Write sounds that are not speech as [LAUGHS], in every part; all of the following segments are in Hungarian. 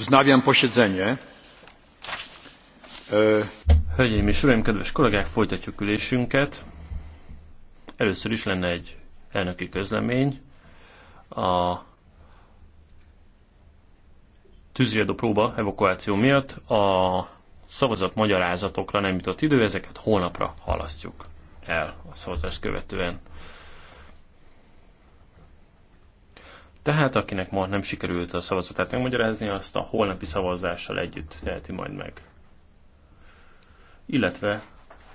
Wznawiam posiedzenie. E, Hölgyeim és uraim, kedves kollégák, folytatjuk ülésünket. Először is lenne egy elnöki közlemény. A tűzriadó próba evakuáció miatt a szavazat magyarázatokra nem jutott idő, ezeket holnapra halasztjuk el a szavazást követően. Tehát akinek ma nem sikerült a szavazatát megmagyarázni, azt a holnapi szavazással együtt teheti majd meg. Illetve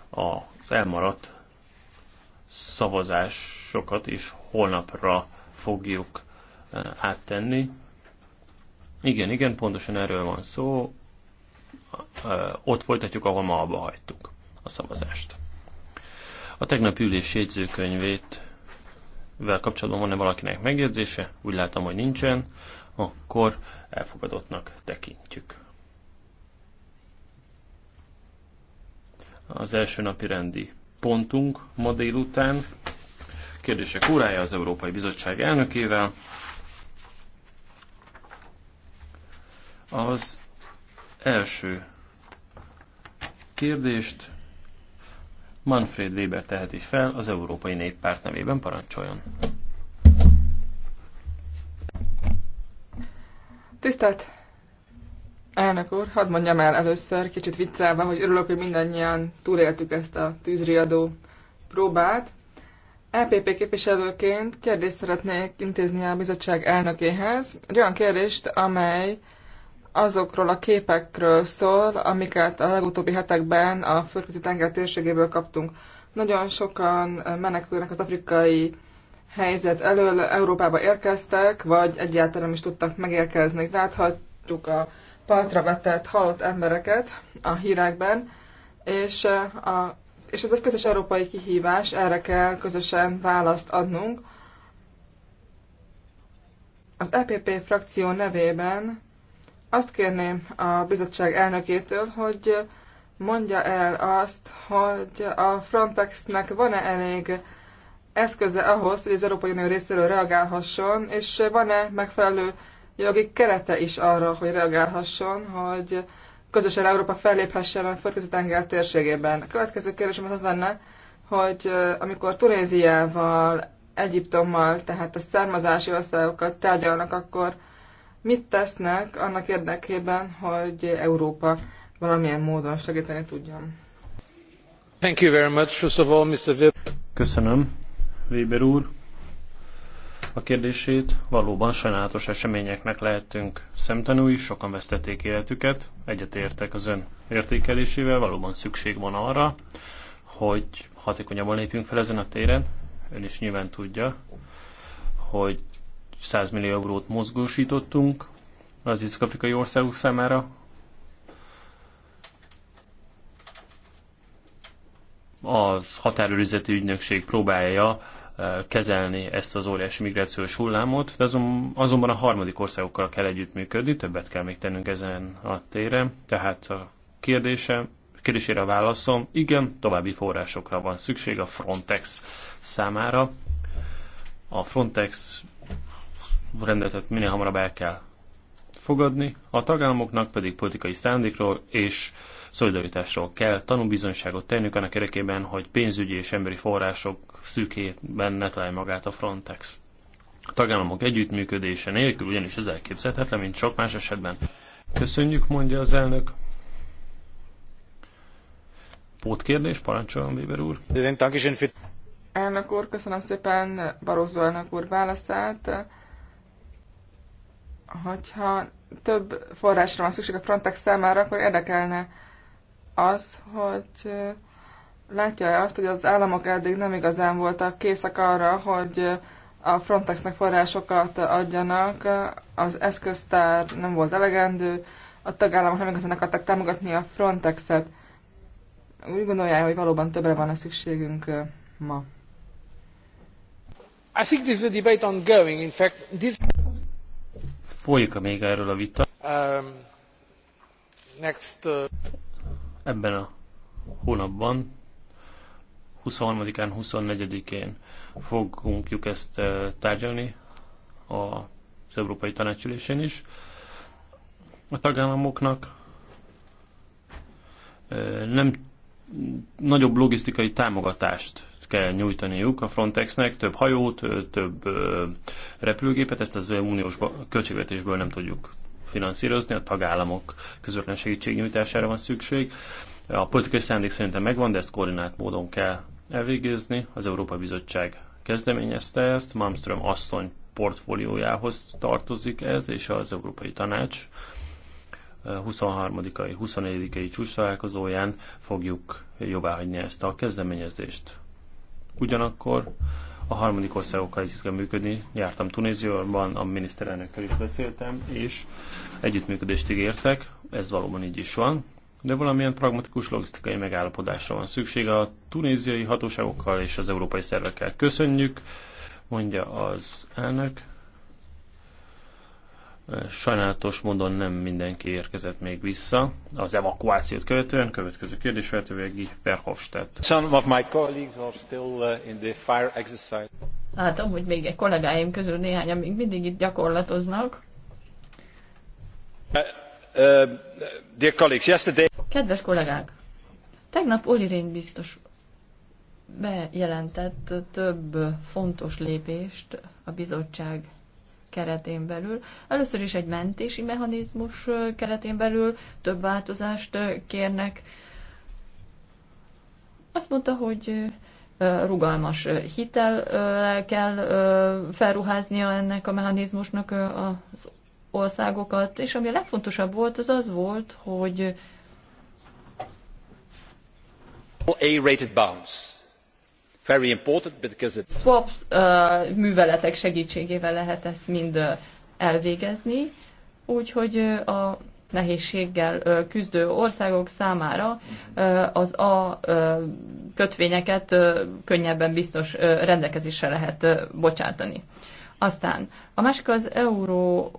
az elmaradt szavazásokat is holnapra fogjuk eh, áttenni. Igen, igen, pontosan erről van szó. Eh, ott folytatjuk, ahol ma abba hagytuk a szavazást. A tegnapi ülés jegyzőkönyvét vel kapcsolatban van-e valakinek megjegyzése? Úgy látom, hogy nincsen. Akkor elfogadottnak tekintjük. Az első napi rendi pontunk ma délután. Kérdések órája az Európai Bizottság elnökével. Az első kérdést Manfred Weber teheti fel az Európai Néppárt nevében parancsoljon. Tisztelt elnök úr, hadd mondjam el először, kicsit viccelve, hogy örülök, hogy mindannyian túléltük ezt a tűzriadó próbát. LPP e képviselőként kérdést szeretnék intézni a bizottság elnökéhez. Egy olyan kérdést, amely azokról a képekről szól, amiket a legutóbbi hetekben a földközi tenger térségéből kaptunk. Nagyon sokan menekülnek az afrikai helyzet elől, Európába érkeztek, vagy egyáltalán is tudtak megérkezni. Láthatjuk a partra vetett halott embereket a hírekben, és, eh, a, és ez egy közös európai kihívás, erre kell közösen választ adnunk. Az EPP frakció nevében azt kérném a bizottság elnökétől, hogy mondja el azt, hogy a Frontexnek van-e elég eszköze ahhoz, hogy az Európai Unió részéről reagálhasson, és van-e megfelelő jogi kerete is arra, hogy reagálhasson, hogy közösen Európa felléphessen a földközi tenger térségében. A következő kérdésem az az lenne, hogy amikor Tunéziával, Egyiptommal, tehát a származási országokat tárgyalnak, akkor mit tesznek annak érdekében, hogy Európa valamilyen módon segíteni tudjon. Thank you very much. First of all, Mr. Weber. Köszönöm, Weber úr. A kérdését valóban sajnálatos eseményeknek lehetünk szemtanúi, sokan vesztették életüket, egyetértek az ön értékelésével, valóban szükség van arra, hogy hatékonyabban lépjünk fel ezen a téren, ön is nyilván tudja, hogy 100 millió eurót mozgósítottunk az észak-afrikai országok számára. Az határőrizeti ügynökség próbálja eh, kezelni ezt az óriási migrációs hullámot, de azon, azonban a harmadik országokkal kell együttműködni, többet kell még tennünk ezen a téren. Tehát a kérdése, kérdésére a válaszom, igen, további forrásokra van szükség a Frontex számára. A Frontex rendeletet minél hamarabb el kell fogadni, a tagállamoknak pedig politikai szándékról és szolidaritásról kell tanúbizonyságot tennünk annak érdekében, hogy pénzügyi és emberi források szűkében ne találja magát a Frontex. A tagállamok együttműködése nélkül ugyanis ez elképzelhetetlen, mint sok más esetben. Köszönjük, mondja az elnök. Pótkérdés, parancsoljon, Weber úr. Elnök úr, köszönöm szépen Barózó elnök úr választát hogyha több forrásra van szükség a Frontex számára, akkor érdekelne az, hogy látja-e azt, hogy az államok eddig nem igazán voltak készek arra, hogy a Frontexnek forrásokat adjanak, az eszköztár nem volt elegendő, a tagállamok nem igazán akarták támogatni a Frontexet. Úgy gondolják, hogy valóban többre van a szükségünk ma. I think this is a debate ongoing. In fact, this... Folyik a még erről a vita. Um, next, uh... Ebben a hónapban, 23-án, 24-én fogunk ezt uh, tárgyalni az Európai Tanácsülésén is. A tagállamoknak uh, nem nagyobb logisztikai támogatást kell nyújtaniuk a Frontexnek, több hajót, több repülőgépet, ezt az uniós költségvetésből nem tudjuk finanszírozni, a tagállamok közvetlen segítségnyújtására van szükség. A politikai szándék szerintem megvan, de ezt koordinált módon kell elvégezni. Az Európai Bizottság kezdeményezte ezt, Malmström asszony portfóliójához tartozik ez, és az Európai Tanács 23-ai, 24-ai csúcs találkozóján fogjuk jobbá hagyni ezt a kezdeményezést. Ugyanakkor a harmadik országokkal együtt kell működni. Jártam Tunéziában, a miniszterelnökkel is beszéltem, és együttműködést ígértek, ez valóban így is van, de valamilyen pragmatikus logisztikai megállapodásra van szüksége a tunéziai hatóságokkal és az európai szervekkel. Köszönjük, mondja az elnök. Sajnálatos módon nem mindenki érkezett még vissza az evakuációt követően. Következő kérdés feltővégi Verhofstadt. Some of my colleagues are still uh, in the fire exercise. Látom, hogy még egy kollégáim közül néhány, még mindig itt gyakorlatoznak. Uh, uh, dear colleagues, yesterday... Kedves kollégák! Tegnap Oli Rén biztos bejelentett több fontos lépést a bizottság keretén belül. Először is egy mentési mechanizmus keretén belül több változást kérnek. Azt mondta, hogy rugalmas hitel kell felruháznia ennek a mechanizmusnak az országokat, és ami a legfontosabb volt, az az volt, hogy A-rated bonds very important because it's... uh, műveletek segítségével lehet ezt mind elvégezni, úgyhogy a nehézséggel küzdő országok számára az A kötvényeket könnyebben biztos rendelkezésre lehet bocsátani. Aztán a másik az euró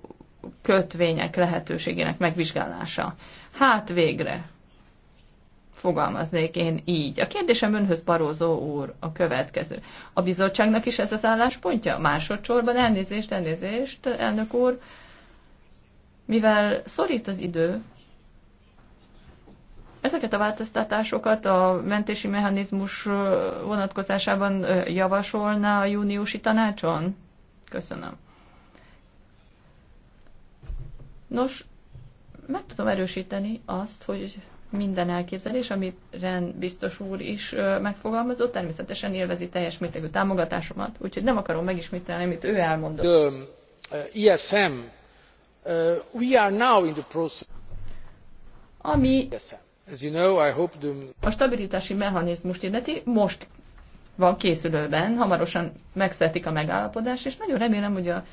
kötvények lehetőségének megvizsgálása. Hát végre, fogalmaznék én így. A kérdésem önhöz, Barózó úr, a következő. A bizottságnak is ez az álláspontja? Másodszorban elnézést, elnézést, elnök úr. Mivel szorít az idő, ezeket a változtatásokat a mentési mechanizmus vonatkozásában javasolná a júniusi tanácson? Köszönöm. Nos, meg tudom erősíteni azt, hogy minden elképzelés, amit Ren biztos úr is megfogalmazott, természetesen élvezi teljes mértékű támogatásomat, úgyhogy nem akarom megismételni, amit ő elmondott. ESM, uh, e uh, we are now in the process. Ami e As you know, I hope the... a stabilitási mechanizmus illeti, most van készülőben, hamarosan megszertik a megállapodás, és nagyon remélem, hogy a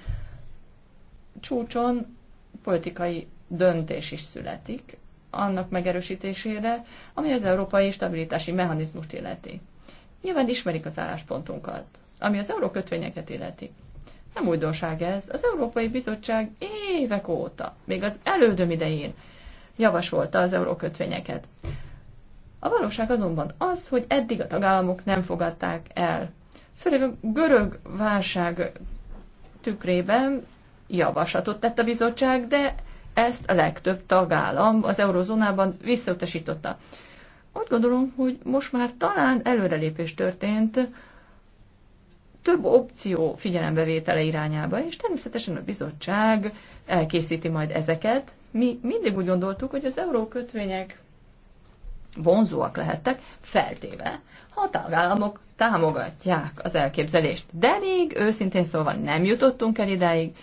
csúcson politikai döntés is születik, annak megerősítésére, ami az európai stabilitási mechanizmust illeti. Nyilván ismerik az álláspontunkat, ami az eurókötvényeket illeti. Nem újdonság ez. Az Európai Bizottság évek óta, még az elődöm idején javasolta az eurókötvényeket. A valóság azonban az, hogy eddig a tagállamok nem fogadták el. Főleg a görög válság tükrében javaslatot tett a bizottság, de ezt a legtöbb tagállam az eurozónában visszautasította. Úgy gondolom, hogy most már talán előrelépés történt több opció figyelembevétele irányába, és természetesen a bizottság elkészíti majd ezeket. Mi mindig úgy gondoltuk, hogy az eurókötvények vonzóak lehettek, feltéve, ha a tagállamok támogatják az elképzelést. De még őszintén szóval nem jutottunk el idáig,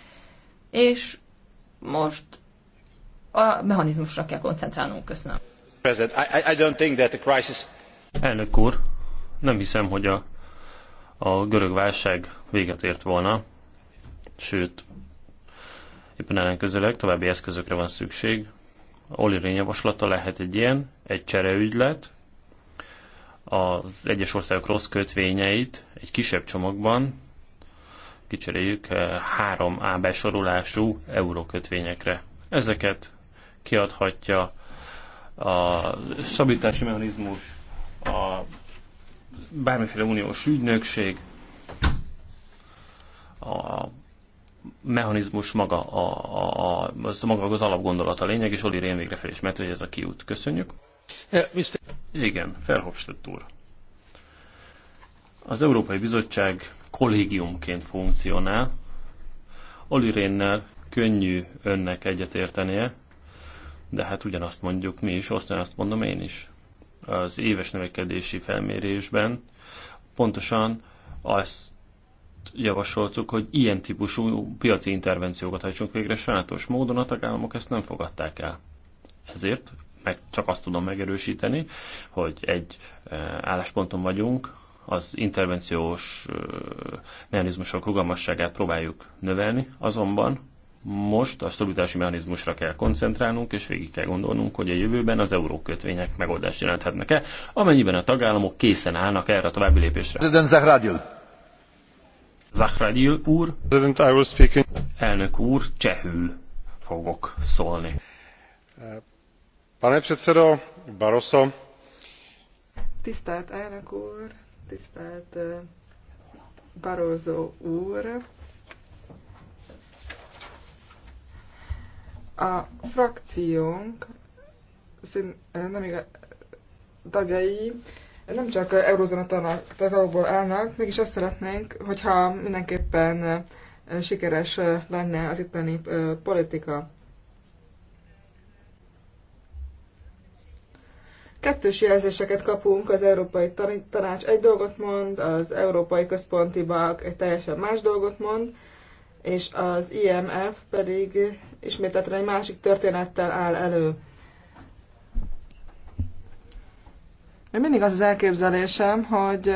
és most a mechanizmusra kell koncentrálnunk. Köszönöm. Elnök úr, nem hiszem, hogy a, a görög válság véget ért volna, sőt, éppen ellenkezőleg további eszközökre van szükség. Oli Rén javaslata lehet egy ilyen, egy csereügylet, az egyes országok rossz kötvényeit egy kisebb csomagban kicseréljük 3A eh, besorolású eurókötvényekre. Ezeket kiadhatja a szabítási mechanizmus, a bármiféle uniós ügynökség, a mechanizmus maga, a, a, a, az maga az alapgondolat a lényeg, és Oli Rén végre fel is mert, hogy ez a kiút. Köszönjük. Yeah, Mr. Igen, Ferhofstadt úr. Az Európai Bizottság kollégiumként funkcionál. Oli Rénnel könnyű önnek egyetértenie, de hát ugyanazt mondjuk mi is, aztán azt mondom én is. Az éves növekedési felmérésben pontosan azt javasoltuk, hogy ilyen típusú piaci intervenciókat hajtsunk végre sajátos módon, a tagállamok ezt nem fogadták el. Ezért meg csak azt tudom megerősíteni, hogy egy eh, állásponton vagyunk, az intervenciós eh, mechanizmusok rugalmasságát próbáljuk növelni, azonban most a stabilitási mechanizmusra kell koncentrálnunk, és végig kell gondolnunk, hogy a jövőben az eurókötvények megoldást jelenthetnek-e, amennyiben a tagállamok készen állnak erre a további lépésre. President Zahradil. Zahradil úr. President, I will speak in... Elnök úr, csehül fogok szólni. Pane předsedo Barroso. Tisztelt elnök úr, tisztelt eh, Barroso úr, A frakciónk szín, nem igaz, tagjai nem csak Eurózona tagokból állnak, mégis azt szeretnénk, hogyha mindenképpen sikeres lenne az itteni politika. Kettős jelzéseket kapunk, az Európai Tanács egy dolgot mond, az Európai Központi Bank egy teljesen más dolgot mond, és az IMF pedig ismételten egy másik történettel áll elő. Én mindig az az elképzelésem, hogy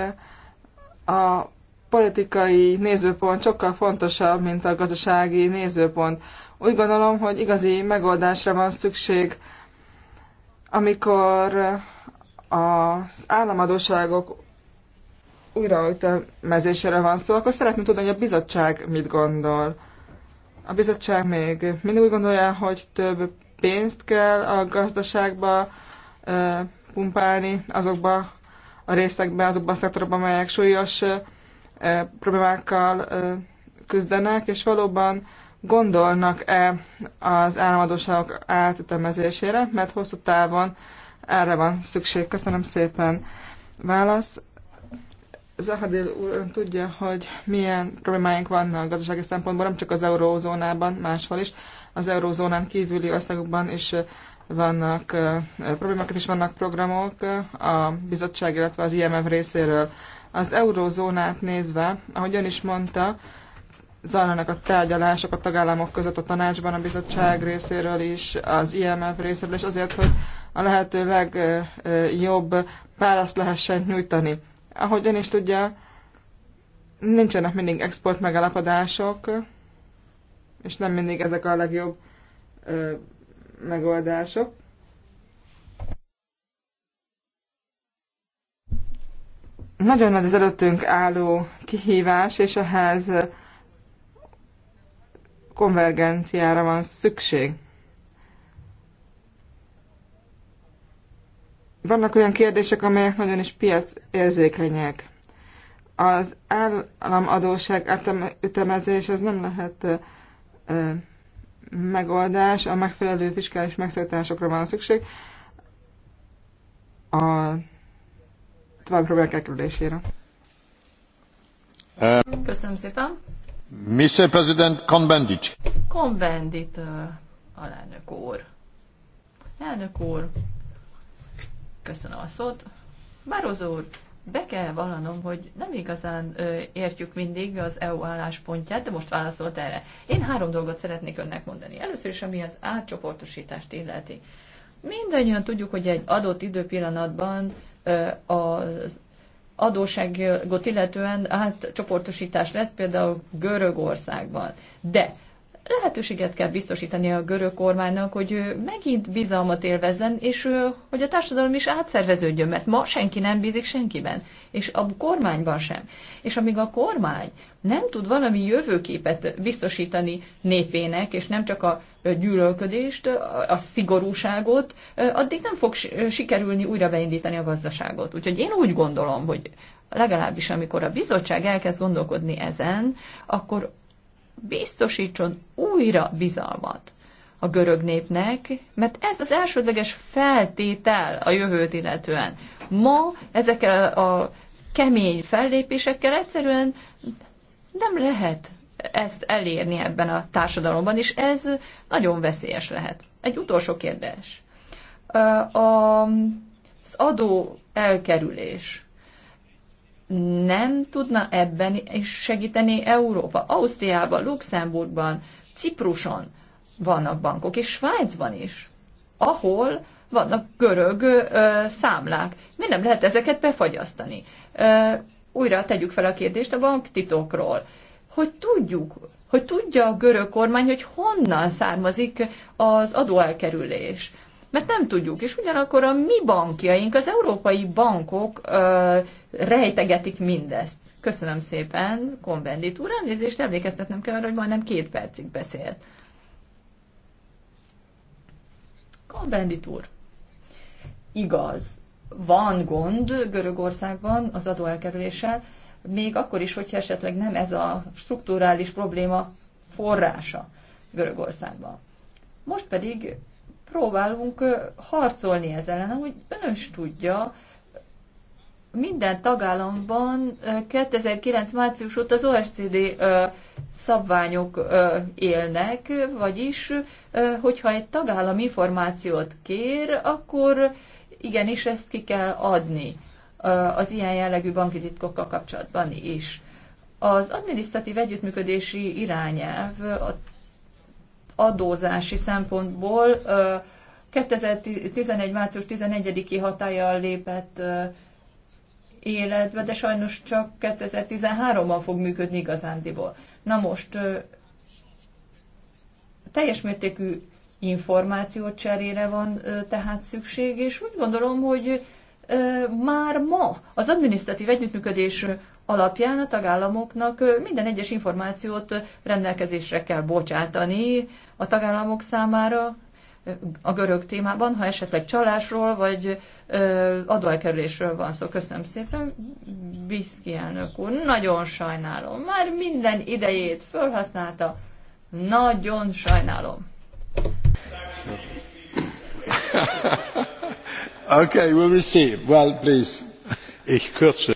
a politikai nézőpont sokkal fontosabb, mint a gazdasági nézőpont. Úgy gondolom, hogy igazi megoldásra van szükség, amikor az államadóságok újraütemezésére van szó, akkor szeretném tudni, hogy a bizottság mit gondol. A bizottság még mindig úgy gondolja, hogy több pénzt kell a gazdaságba pumpálni, azokba a részekbe, azokba a szektorokba, amelyek súlyos problémákkal küzdenek, és valóban gondolnak-e az államadóságok átütemezésére, mert hosszú távon erre van szükség. Köszönöm szépen. Válasz. Zahadil úr ön tudja, hogy milyen problémáink vannak gazdasági szempontból, nem csak az eurózónában, máshol is. Az eurózónán kívüli országokban is vannak problémák, és vannak programok a bizottság, illetve az IMF részéről. Az eurózónát nézve, ahogy ön is mondta, zajlanak a tárgyalások a tagállamok között a tanácsban, a bizottság részéről is, az IMF részéről is, azért, hogy a lehető legjobb választ lehessen nyújtani. Ahogy ön is tudja, nincsenek mindig export megalapodások, és nem mindig ezek a legjobb ö, megoldások. Nagyon nagy az előttünk álló kihívás, és ehhez konvergenciára van szükség. Vannak olyan kérdések, amelyek nagyon is piac érzékenyek. Az államadóság ütemezés az nem lehet megoldás, a megfelelő fiskális megszólításokra van szükség a további problémák elkerülésére. Köszönöm szépen. Mr. President Konbendit. Konbendit, alelnök úr. Elnök úr, Köszönöm a szót. Barozó úr, be kell vallanom, hogy nem igazán ö, értjük mindig az EU álláspontját, de most válaszolt erre. Én három dolgot szeretnék önnek mondani. Először is, ami az átcsoportosítást illeti. Mindannyian tudjuk, hogy egy adott időpillanatban ö, az adóságot illetően átcsoportosítás lesz például Görögországban. De lehetőséget kell biztosítani a görög kormánynak, hogy megint bizalmat élvezzen, és hogy a társadalom is átszerveződjön, mert ma senki nem bízik senkiben, és a kormányban sem. És amíg a kormány nem tud valami jövőképet biztosítani népének, és nem csak a gyűlölködést, a szigorúságot, addig nem fog sikerülni újra beindítani a gazdaságot. Úgyhogy én úgy gondolom, hogy legalábbis amikor a bizottság elkezd gondolkodni ezen, akkor biztosítson újra bizalmat a görög népnek, mert ez az elsődleges feltétel a jövőt illetően. Ma ezekkel a, a kemény fellépésekkel egyszerűen nem lehet ezt elérni ebben a társadalomban, és ez nagyon veszélyes lehet. Egy utolsó kérdés. Az adó elkerülés nem tudna ebben is segíteni Európa. Ausztriában, Luxemburgban, Cipruson vannak bankok, és Svájcban is, ahol vannak görög ö, számlák. Mi nem lehet ezeket befagyasztani? Ö, újra tegyük fel a kérdést a banktitokról. Hogy tudjuk, hogy tudja a görög kormány, hogy honnan származik az adóelkerülés. Mert nem tudjuk, és ugyanakkor a mi bankjaink, az európai bankok ö, rejtegetik mindezt. Köszönöm szépen, Konvendit úr, elnézést emlékeztetnem kell arra, hogy majdnem két percig beszélt. Konvendit úr, igaz, van gond Görögországban az adóelkerüléssel, még akkor is, hogyha esetleg nem ez a strukturális probléma forrása Görögországban. Most pedig próbálunk harcolni ezzel ellen, ahogy ön is tudja, minden tagállamban 2009. március óta az OSCD szabványok élnek, vagyis hogyha egy tagállam információt kér, akkor igenis ezt ki kell adni az ilyen jellegű banki titkokkal kapcsolatban is. Az adminisztratív együttműködési irányelv adózási szempontból 2011. március 11-i hatája lépett életbe, de sajnos csak 2013-ban fog működni igazándiból. Na most teljes mértékű információt cserére van tehát szükség, és úgy gondolom, hogy már ma az adminisztratív együttműködés alapján a tagállamoknak minden egyes információt rendelkezésre kell bocsátani a tagállamok számára, a görög témában, ha esetleg csalásról vagy adóelkerülésről van szó. Köszönöm szépen, Biszki elnök úr. Nagyon sajnálom. Már minden idejét felhasználta. Nagyon sajnálom. [LAUGHS] okay, we will see. Well, please. Ich kürze.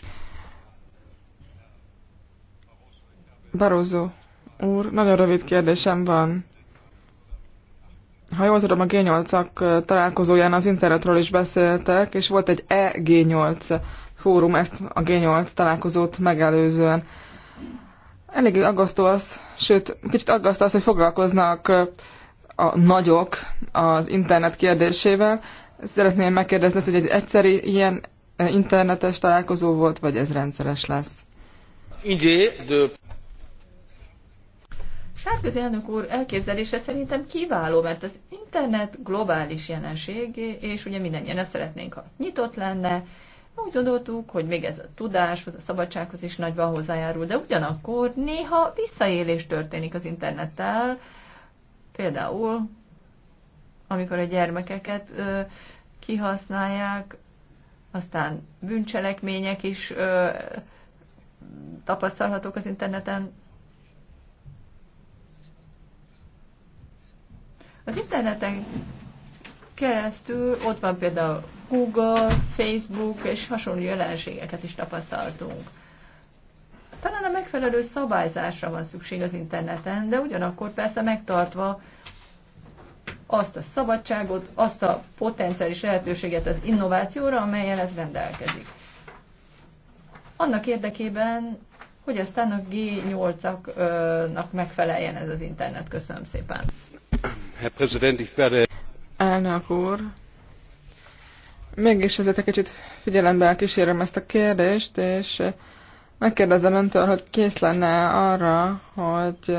Barozo úr, nagyon rövid kérdésem van ha jól tudom, a G8-ak találkozóján az internetről is beszéltek, és volt egy EG8 fórum ezt a G8 találkozót megelőzően. Elég aggasztó az, sőt, kicsit aggasztó, az, hogy foglalkoznak a nagyok az internet kérdésével. Szeretném megkérdezni hogy egy egyszeri ilyen internetes találkozó volt, vagy ez rendszeres lesz? Idé de Sárközi elnök úr elképzelése szerintem kiváló, mert az internet globális jelenség, és ugye minden ezt szeretnénk, ha nyitott lenne. Úgy gondoltuk, hogy még ez a tudáshoz, a szabadsághoz is nagyban hozzájárul, de ugyanakkor néha visszaélés történik az internettel, például amikor a gyermekeket ö, kihasználják, aztán bűncselekmények is ö, tapasztalhatók az interneten, Az interneten keresztül ott van például Google, Facebook és hasonló jelenségeket is tapasztaltunk. Talán a megfelelő szabályzásra van szükség az interneten, de ugyanakkor persze megtartva azt a szabadságot, azt a potenciális lehetőséget az innovációra, amelyen ez rendelkezik. Annak érdekében, hogy aztán a G8-aknak megfeleljen ez az internet. Köszönöm szépen. Elnök úr, mégis ezért egy kicsit figyelembe kísérem ezt a kérdést, és megkérdezem öntől, hogy kész lenne arra, hogy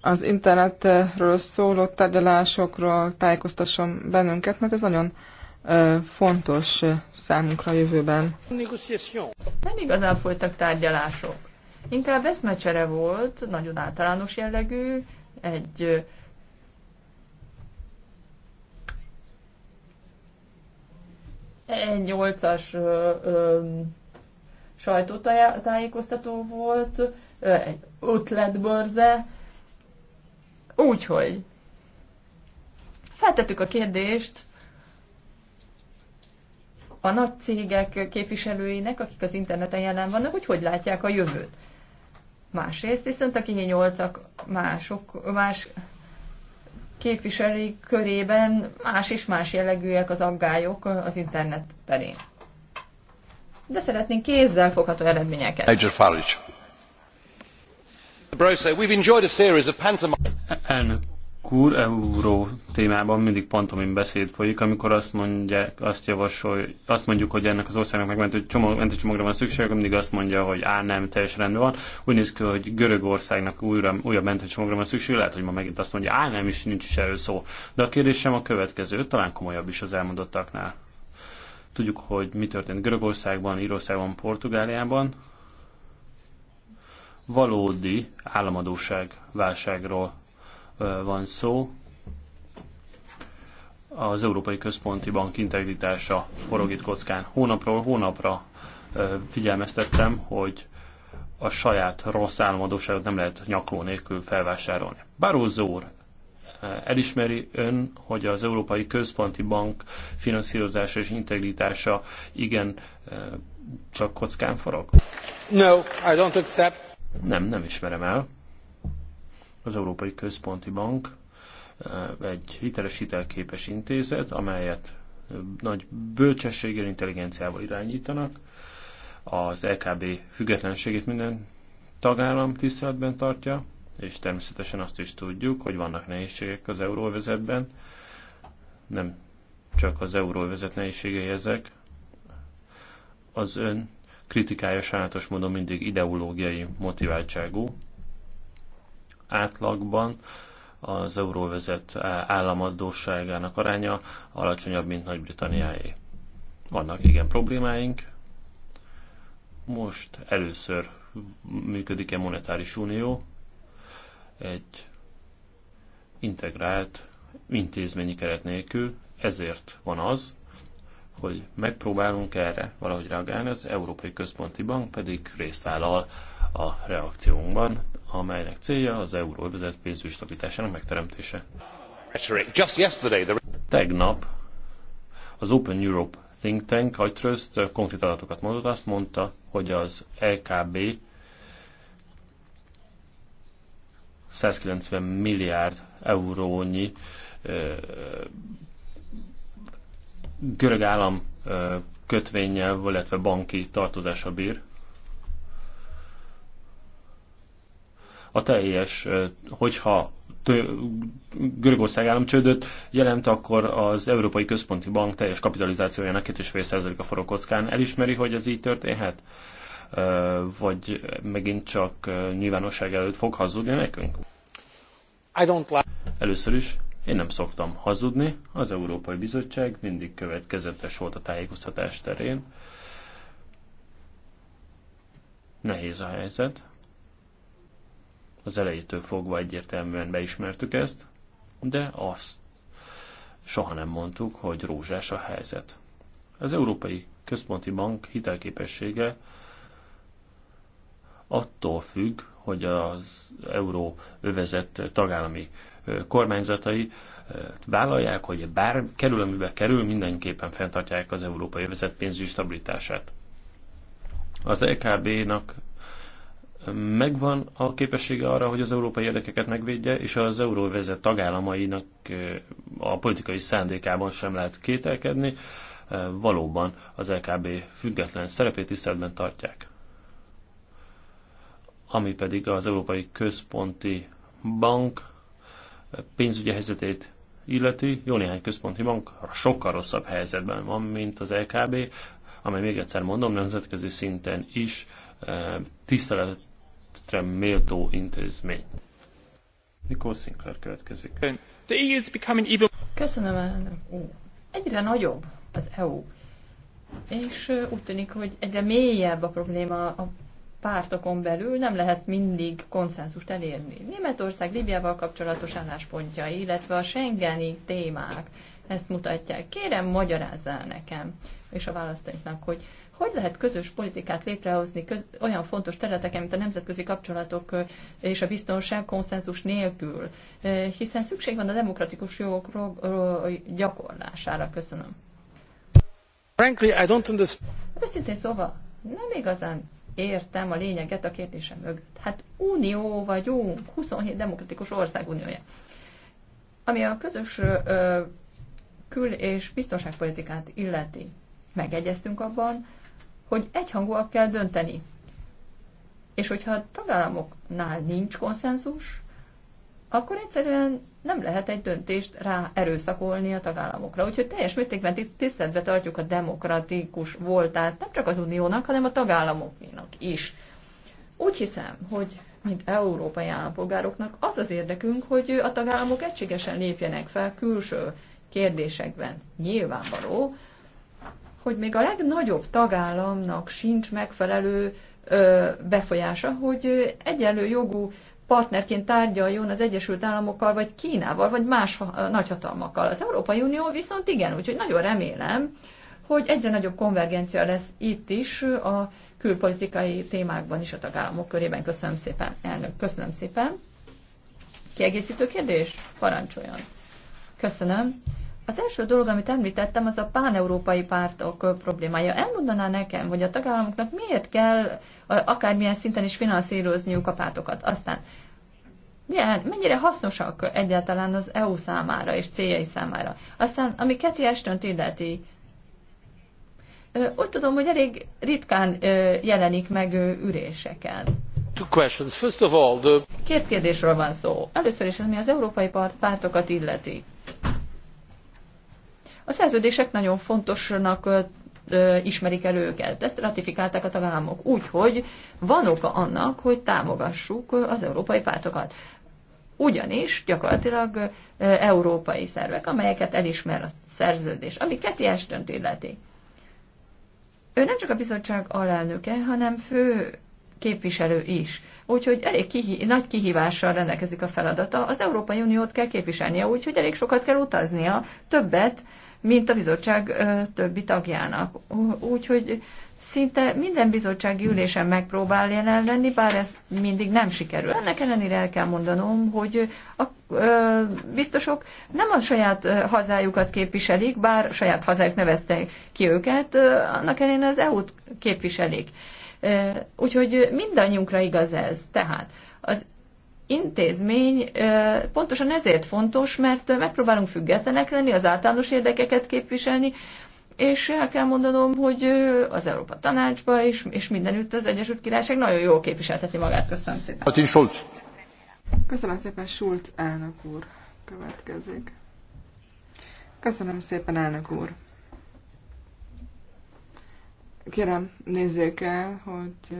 az internetről szóló tárgyalásokról tájékoztasson bennünket, mert ez nagyon fontos számunkra a jövőben. Nem igazán folytak tárgyalások. Inkább eszmecsere volt, nagyon általános jellegű, egy Egy 8 as sajtótájékoztató volt, egy ötletbörze, úgyhogy feltettük a kérdést a nagy cégek képviselőinek, akik az interneten jelen vannak, hogy hogy látják a jövőt. Másrészt viszont a nyolcak mások, más képviselői körében más és más jellegűek az aggályok az internet terén. De szeretnénk kézzel fogható eredményeket. Elnök úr, euró témában mindig pantomim beszéd folyik, amikor azt mondják, azt javasol, azt mondjuk, hogy ennek az országnak megmentő csomag, mentő csomagra van szükség, mindig azt mondja, hogy á, nem, teljes rendben van. Úgy néz ki, hogy Görögországnak újra, újabb mentőcsomagra csomagra van szükség, lehet, hogy ma megint azt mondja, á, nem is, nincs is erről szó. De a kérdésem a következő, talán komolyabb is az elmondottaknál. Tudjuk, hogy mi történt Görögországban, Írországban, Portugáliában. Valódi államadóság válságról van szó. Az Európai Központi Bank integritása forog itt kockán. Hónapról hónapra figyelmeztettem, hogy a saját rossz államadóságot nem lehet nyakló nélkül felvásárolni. Barózó úr elismeri ön, hogy az Európai Központi Bank finanszírozása és integritása igen csak kockán forog? No, I don't accept. Nem, nem ismerem el. Az Európai Központi Bank eh, egy hiteles hitelképes intézet, amelyet eh, nagy bölcsességgel, intelligenciával irányítanak. Az LKB függetlenségét minden tagállam tiszteletben tartja, és természetesen azt is tudjuk, hogy vannak nehézségek az euróvezetben. Nem csak az euróvezet nehézségei ezek. Az ön kritikája sajátos módon mindig ideológiai motiváltságú átlagban az euróvezet államadóságának aránya alacsonyabb, mint Nagy-Britanniáé. Vannak igen problémáink. Most először működik-e monetáris unió, egy integrált intézményi keret nélkül, ezért van az, hogy megpróbálunk erre valahogy reagálni, az Európai Központi Bank pedig részt vállal a reakciónkban amelynek célja az euróvezet pénzügyi stabilitásának megteremtése. Tegnap az Open Europe Think Tank, agytrözt konkrét adatokat mondott, azt mondta, hogy az LKB 190 milliárd eurónyi görög állam kötvényel, illetve banki tartozása bír, a teljes, hogyha Görögország államcsődöt jelent, akkor az Európai Központi Bank teljes kapitalizációjának 2,5%-a forokockán Elismeri, hogy ez így történhet? Vagy megint csak nyilvánosság előtt fog hazudni nekünk? I don't like... Először is, én nem szoktam hazudni, az Európai Bizottság mindig következetes volt a tájékoztatás terén. Nehéz a helyzet, az elejétől fogva egyértelműen beismertük ezt, de azt soha nem mondtuk, hogy rózsás a helyzet. Az Európai Központi Bank hitelképessége attól függ, hogy az euró övezett tagállami kormányzatai vállalják, hogy bár kerül, amiben kerül, mindenképpen fenntartják az európai övezet pénzügyi stabilitását. Az EKB-nak megvan a képessége arra, hogy az európai érdekeket megvédje, és az euróvezet tagállamainak a politikai szándékában sem lehet kételkedni, valóban az LKB független szerepét tiszteletben tartják. Ami pedig az Európai Központi Bank pénzügyi helyzetét illeti, jó néhány központi bank sokkal rosszabb helyzetben van, mint az LKB, amely még egyszer mondom, nemzetközi szinten is tisztelet méltó intézmény. Nikol Sinclair következik. The EU is becoming evil. Köszönöm, elnök úr. Egyre nagyobb az EU. És úgy tűnik, hogy egyre mélyebb a probléma a pártokon belül nem lehet mindig konszenzust elérni. Németország Libiával kapcsolatos álláspontja, illetve a Schengeni témák ezt mutatják. Kérem, magyarázzál nekem és a választóinknak, hogy hogy lehet közös politikát létrehozni köz, olyan fontos területeken, mint a nemzetközi kapcsolatok és a biztonság konszenzus nélkül? Hiszen szükség van a demokratikus jogok gyakorlására. Köszönöm. Frankly, I don't understand. Őszintén szóval, nem igazán értem a lényeget a kérdésem mögött. Hát unió vagyunk, 27 demokratikus ország uniója. Ami a közös ö, kül- és biztonságpolitikát illeti, megegyeztünk abban, hogy egyhangúak kell dönteni. És hogyha a tagállamoknál nincs konszenzus, akkor egyszerűen nem lehet egy döntést rá erőszakolni a tagállamokra. Úgyhogy teljes mértékben tiszteletbe tartjuk a demokratikus voltát, nem csak az uniónak, hanem a tagállamoknak is. Úgy hiszem, hogy mint európai állampolgároknak az az érdekünk, hogy a tagállamok egységesen lépjenek fel külső kérdésekben. Nyilvánvaló, hogy még a legnagyobb tagállamnak sincs megfelelő befolyása, hogy egyenlő jogú partnerként tárgyaljon az Egyesült Államokkal, vagy Kínával, vagy más nagyhatalmakkal. Az Európai Unió viszont igen, úgyhogy nagyon remélem, hogy egyre nagyobb konvergencia lesz itt is a külpolitikai témákban is a tagállamok körében. Köszönöm szépen, elnök. Köszönöm szépen. Kiegészítő kérdés? Parancsoljon. Köszönöm. Az első dolog, amit említettem, az a páneurópai pártok problémája. Elmondaná nekem, hogy a tagállamoknak miért kell akármilyen szinten is finanszírozniuk a pártokat. Aztán milyen, mennyire hasznosak egyáltalán az EU számára és céljai számára. Aztán, ami Keti Estönt illeti, úgy tudom, hogy elég ritkán jelenik meg üréseken. Two Két kérdésről van szó. Először is, ami az európai pártokat illeti. A szerződések nagyon fontosnak ismerik el őket. Ezt ratifikálták a tagállamok. Úgyhogy van oka annak, hogy támogassuk az európai pártokat. Ugyanis gyakorlatilag európai szervek, amelyeket elismer a szerződés, ami Keti Estönt illeti. Ő nem csak a bizottság alelnöke, hanem fő képviselő is. Úgyhogy elég kihí- nagy kihívással rendelkezik a feladata. Az Európai Uniót kell képviselnie, úgyhogy elég sokat kell utaznia, többet, mint a bizottság többi tagjának. Úgyhogy szinte minden bizottsági ülésen megpróbál jelen lenni, bár ez mindig nem sikerül. Ennek ellenére el kell mondanom, hogy a ö, biztosok nem a saját ö, hazájukat képviselik, bár saját hazájuk nevezte ki őket, ö, annak ellenére az EU-t képviselik. Úgyhogy mindannyiunkra igaz ez. Tehát az intézmény pontosan ezért fontos, mert megpróbálunk függetlenek lenni, az általános érdekeket képviselni, és el kell mondanom, hogy az Európa Tanácsba és, és mindenütt az Egyesült Királyság nagyon jól képviselteti magát. Köszönöm szépen. Martin Schulz. Köszönöm szépen, Schulz elnök úr. Következik. Köszönöm szépen, elnök úr. Kérem, nézzék el, hogy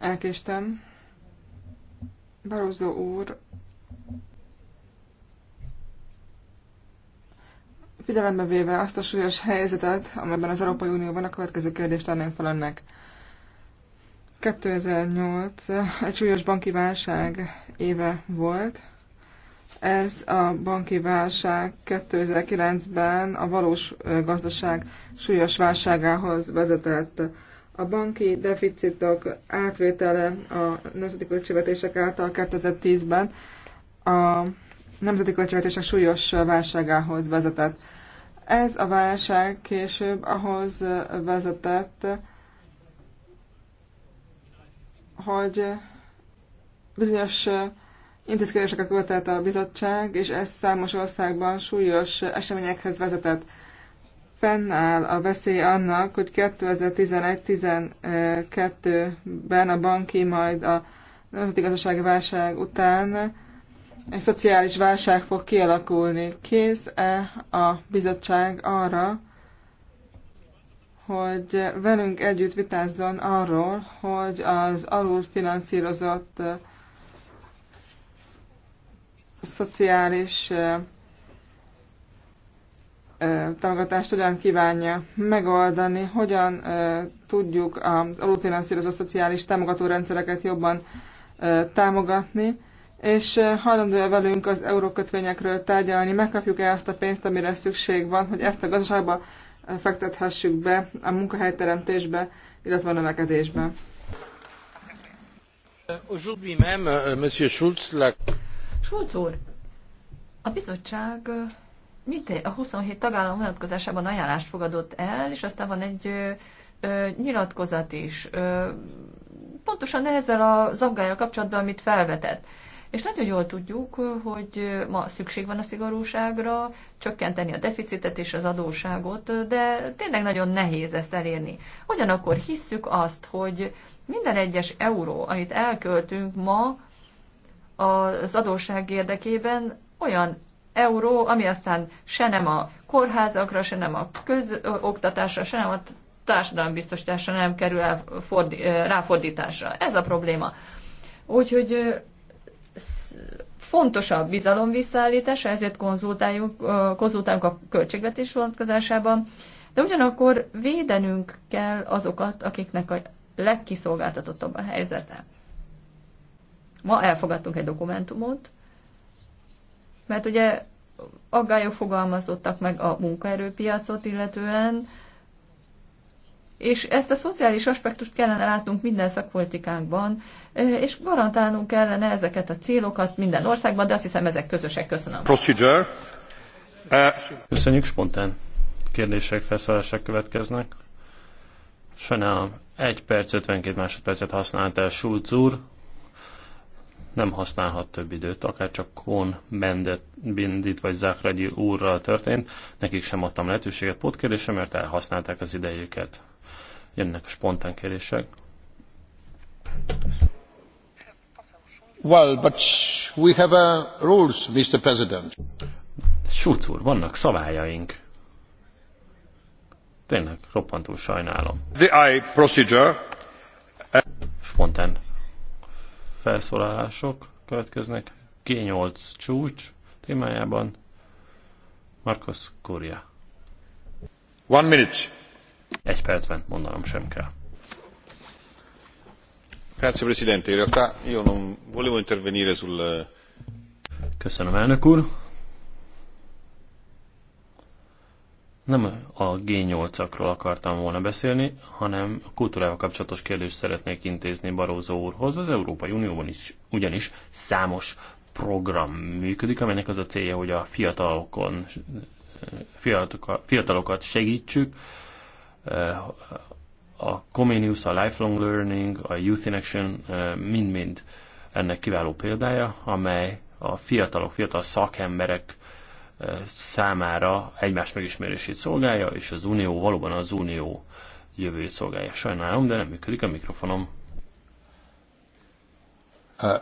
elkéstem. Barozó úr figyelembe véve azt a súlyos helyzetet, amelyben az Európai Unióban a következő kérdést tenném fel önnek. 2008 egy súlyos banki válság éve volt. Ez a banki válság 2009-ben a valós gazdaság súlyos válságához vezetett. A banki deficitok átvétele a nemzeti költségvetések által 2010-ben a nemzeti költségvetések súlyos válságához vezetett. Ez a válság később ahhoz vezetett, hogy bizonyos intézkedéseket követett a bizottság, és ez számos országban súlyos eseményekhez vezetett fennáll a veszély annak, hogy 2011-12-ben a banki majd a nemzeti gazdasági válság után egy szociális válság fog kialakulni. Kész-e a bizottság arra, hogy velünk együtt vitázzon arról, hogy az alulfinanszírozott szociális támogatást hogyan kívánja megoldani, hogyan tudjuk az alulfinanszírozó szociális támogatórendszereket jobban támogatni, és hajlandó-e velünk az eurókötvényekről tárgyalni, megkapjuk-e azt a pénzt, amire szükség van, hogy ezt a gazdaságba fektethessük be, a munkahelyteremtésbe, illetve a növekedésbe. Aujourd'hui même, euh, Monsieur Schulz, la... Schulz úr, a bizottság mint a 27 tagállam vonatkozásában ajánlást fogadott el, és aztán van egy ö, ö, nyilatkozat is, ö, pontosan ezzel a aggályjal kapcsolatban, amit felvetett. És nagyon jól tudjuk, hogy ma szükség van a szigorúságra, csökkenteni a deficitet és az adóságot, de tényleg nagyon nehéz ezt elérni. Ugyanakkor hisszük azt, hogy minden egyes euró, amit elköltünk ma az adóság érdekében, olyan euró, ami aztán se nem a kórházakra, se nem a közoktatásra, se nem a társadalombiztosításra nem kerül el ráfordításra. Ez a probléma. Úgyhogy fontos a bizalom visszaállítása, ezért konzultáljunk, konzultálunk a költségvetés vonatkozásában, de ugyanakkor védenünk kell azokat, akiknek a legkiszolgáltatottabb a helyzete. Ma elfogadtunk egy dokumentumot, mert ugye aggályok fogalmazottak meg a munkaerőpiacot illetően, és ezt a szociális aspektust kellene látnunk minden szakpolitikánkban, és garantálnunk kellene ezeket a célokat minden országban, de azt hiszem ezek közösek. Köszönöm. Procedure. Uh, Köszönjük spontán. Kérdések, felszólások következnek. Sajnálom, 1 perc 52 másodpercet használt el Schulz úr, nem használhat több időt, akár csak Kohn, Bendit, Bindit vagy Zákregyi úrral történt, nekik sem adtam lehetőséget pótkérdésre, mert elhasználták az idejüket. Jönnek a spontán kérések. Well, but we have a uh, rules, Mr. President. Schulz úr, vannak szabályaink. Tényleg, roppantul sajnálom. The I procedure. Spontán felszólalások következnek. G8 csúcs témájában Markus Curia. One minute. Egy percben, mondanom sem kell. Grazie Presidente, in realtà io non volevo intervenire sul... Eh, Köszönöm elnök úr. nem a G8-akról akartam volna beszélni, hanem a kultúrával kapcsolatos kérdést szeretnék intézni Barózó úrhoz. Az Európai Unióban is ugyanis számos program működik, amelynek az a célja, hogy a fiatalokon, fiatalokat segítsük, a Comenius, a Lifelong Learning, a Youth in Action mind-mind ennek kiváló példája, amely a fiatalok, fiatal szakemberek számára egymás megismerését szolgálja, és az Unió valóban az Unió jövőjét szolgálja. Sajnálom, de nem működik a mikrofonom. Uh,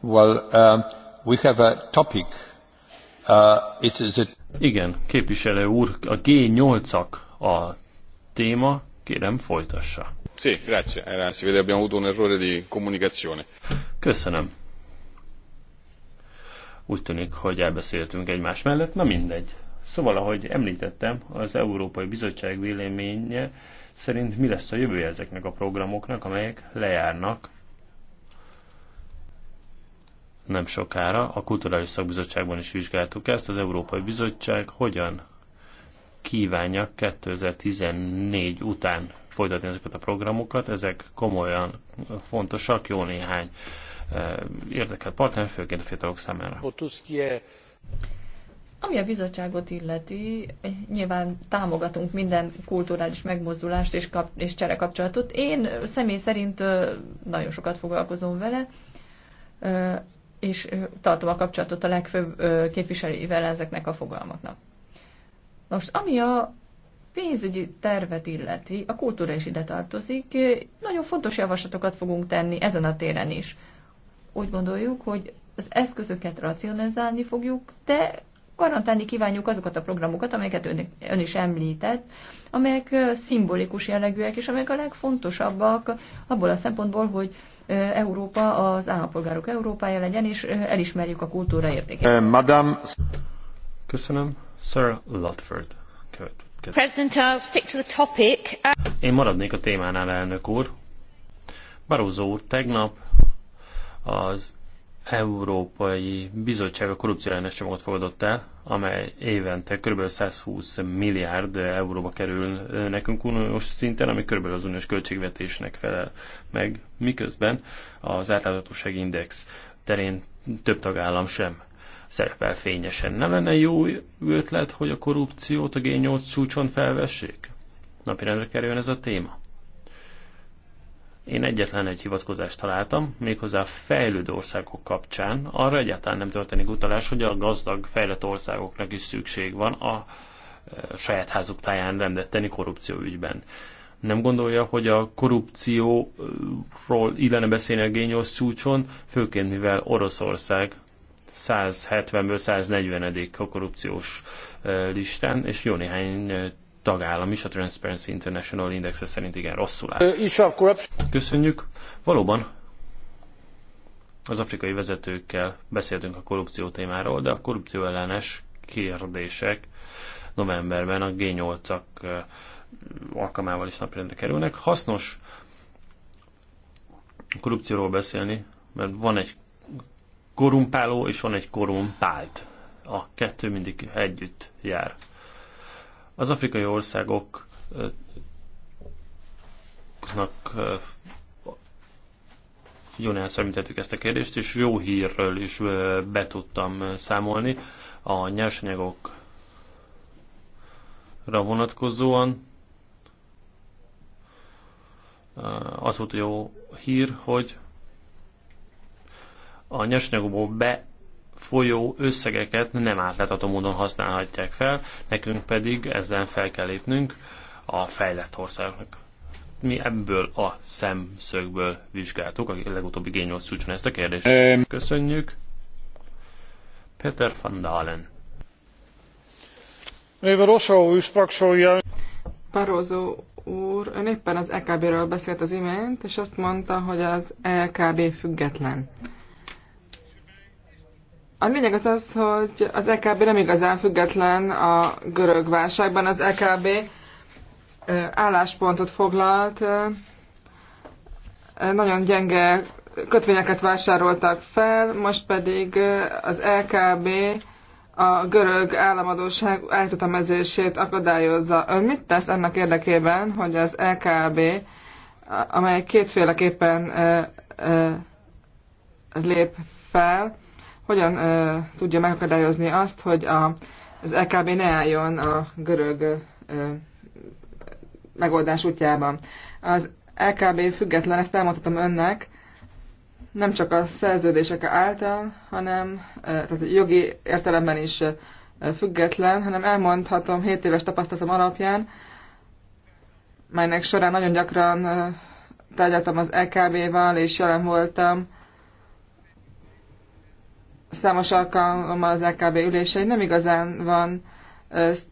well, uh, we have a topic. Uh, it is a... Igen, képviselő úr, a G8-ak a téma, kérem folytassa. Sì, grazie. Era, si vede abbiamo avuto un errore di comunicazione. Köszönöm. Úgy tűnik, hogy elbeszéltünk egymás mellett, na mindegy. Szóval, ahogy említettem, az Európai Bizottság véleménye szerint mi lesz a jövője ezeknek a programoknak, amelyek lejárnak nem sokára. A Kulturális Szakbizottságban is vizsgáltuk ezt. Az Európai Bizottság hogyan kívánja 2014 után folytatni ezeket a programokat. Ezek komolyan fontosak, jó néhány érdekelt partner, főként a fiatalok számára. E- ami a bizottságot illeti, eh, nyilván támogatunk minden kulturális megmozdulást és, kap- és cserekapcsolatot. Én személy szerint nagyon sokat foglalkozom vele, és tartom a kapcsolatot a legfőbb képviselőivel ezeknek a fogalmaknak. Most, ami a pénzügyi tervet illeti, a kultúra is ide tartozik, nagyon fontos javaslatokat fogunk tenni ezen a téren is úgy gondoljuk, hogy az eszközöket racionalizálni fogjuk, de garantálni kívánjuk azokat a programokat, amelyeket ön, ön is említett, amelyek szimbolikus jellegűek, és amelyek a legfontosabbak abból a szempontból, hogy Európa az állampolgárok Európája legyen, és elismerjük a kultúra értékét. Madam. Köszönöm. Sir Lutford. President, I'll stick to the topic. Én maradnék a témánál, elnök úr. Barózó úr tegnap az Európai Bizottság a ellenes csomagot fogadott el, amely évente kb. 120 milliárd euróba kerül nekünk uniós szinten, ami kb. az uniós költségvetésnek felel meg, miközben az átláthatóság index terén több tagállam sem szerepel fényesen. Nem lenne jó ötlet, hogy a korrupciót a G8 csúcson felvessék? Napirendre kerüljön ez a téma. Én egyetlen egy hivatkozást találtam, méghozzá a fejlődő országok kapcsán. Arra egyáltalán nem történik utalás, hogy a gazdag, fejlett országoknak is szükség van a e, saját házuk táján rendetteni korrupció ügyben. Nem gondolja, hogy a korrupcióról illene beszélni a Génios csúcson, főként mivel Oroszország 170-ből 140. a korrupciós e, listán, és jó néhány e, tagállam is a Transparency International Index -e szerint igen rosszul áll. Köszönjük. Valóban az afrikai vezetőkkel beszéltünk a korrupció témáról, de a korrupció ellenes kérdések novemberben a G8-ak alkalmával is napirendre kerülnek. Hasznos korrupcióról beszélni, mert van egy korumpáló és van egy korumpált. A kettő mindig együtt jár. Az afrikai országoknak jól elszemítettük ezt a kérdést, és jó hírről is be tudtam számolni. A nyersanyagokra vonatkozóan az volt a jó hír, hogy a nyersanyagokból be folyó összegeket nem átlátható módon használhatják fel, nekünk pedig ezzel fel kell lépnünk a fejlett országoknak. Mi ebből a szemszögből vizsgáltuk, a legutóbbi G8 csúcson ezt a kérdést. Köszönjük. Peter van Dalen. Barroso úr, ön éppen az EKB-ről beszélt az imént, és azt mondta, hogy az EKB független. A lényeg az az, hogy az EKB nem igazán független a görög válságban. Az EKB álláspontot foglalt, nagyon gyenge kötvényeket vásároltak fel, most pedig az LKB e a görög államadóság eltutamezését akadályozza. Ön mit tesz annak érdekében, hogy az LKB, e amely kétféleképpen lép fel, hogyan ö, tudja megakadályozni azt, hogy a, az LKB ne álljon a görög ö, megoldás útjában. Az LKB független, ezt elmondhatom önnek, nem csak a szerződések által, hanem tehát jogi értelemben is független, hanem elmondhatom 7 éves tapasztalatom alapján, melynek során nagyon gyakran tárgyaltam az LKB-val, és jelen voltam számos alkalommal az LKB ülései nem igazán van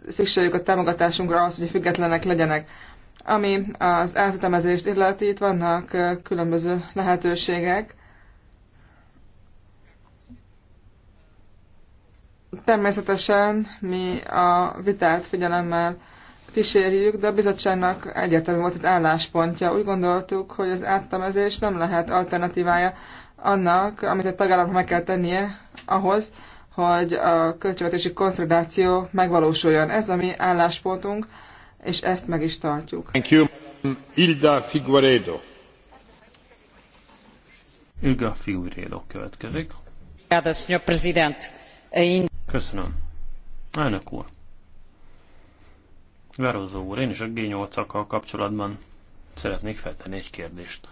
szükségük a támogatásunkra ahhoz, hogy függetlenek legyenek. Ami az eltetemezést illeti, itt vannak különböző lehetőségek. Természetesen mi a vitát figyelemmel kísérjük, de a bizottságnak egyértelmű volt az álláspontja. Úgy gondoltuk, hogy az áttamezés nem lehet alternatívája annak, amit a tagállamnak meg kell tennie ahhoz, hogy a költségvetési konszolidáció megvalósuljon. Ez a mi álláspontunk, és ezt meg is tartjuk. Thank you. Ilda Figueredo. Ilda Figueredo következik. Köszönöm. Elnök úr. Verozó úr, én is a G8-akkal kapcsolatban szeretnék feltenni egy kérdést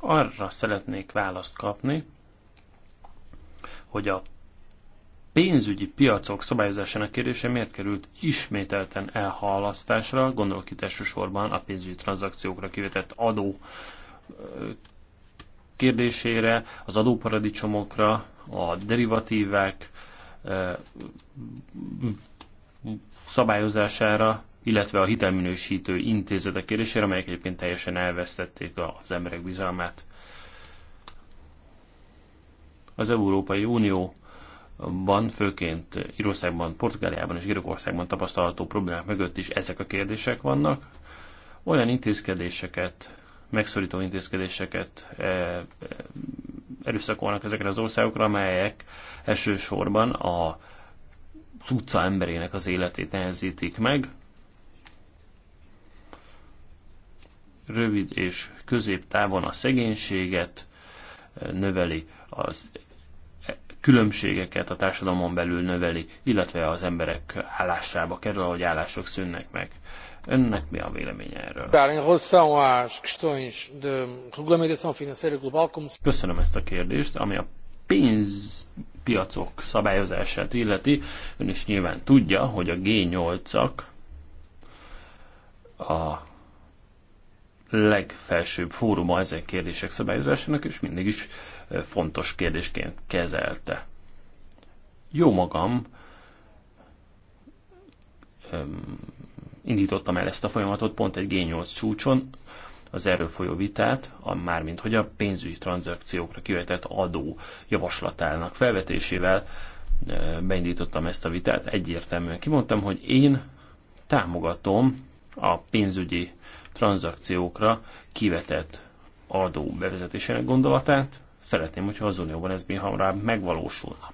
arra szeretnék választ kapni, hogy a pénzügyi piacok szabályozásának kérdése miért került ismételten elhalasztásra, gondolok itt elsősorban a pénzügyi tranzakciókra kivetett adó kérdésére, az adóparadicsomokra, a derivatívek szabályozására, illetve a hitelminősítő intézetek kérdésére, amelyek egyébként teljesen elvesztették az emberek bizalmát. Az Európai Unió van, főként Írországban, Portugáliában és Görögországban tapasztalható problémák mögött is ezek a kérdések vannak. Olyan intézkedéseket, megszorító intézkedéseket eh, eh, erőszakolnak ezekre az országokra, amelyek elsősorban a utca emberének az életét nehezítik meg, rövid és középtávon a szegénységet eh, növeli, az eh, különbségeket a társadalmon belül növeli, illetve az emberek állásába kerül, ahogy állások szűnnek meg. Önnek mi a véleménye erről? Köszönöm ezt a kérdést, ami a pénzpiacok szabályozását illeti. Ön is nyilván tudja, hogy a G8-ak a legfelsőbb fóruma ezen kérdések szabályozásának, és mindig is fontos kérdésként kezelte. Jó magam, indítottam el ezt a folyamatot pont egy G8 csúcson, az erről folyó vitát, a, mármint hogy a pénzügyi tranzakciókra kivetett adó javaslatának felvetésével beindítottam ezt a vitát, egyértelműen kimondtam, hogy én támogatom a pénzügyi tranzakciókra kivetett adó bevezetésének gondolatát. Szeretném, hogyha az Unióban ez mi hamarabb megvalósulna.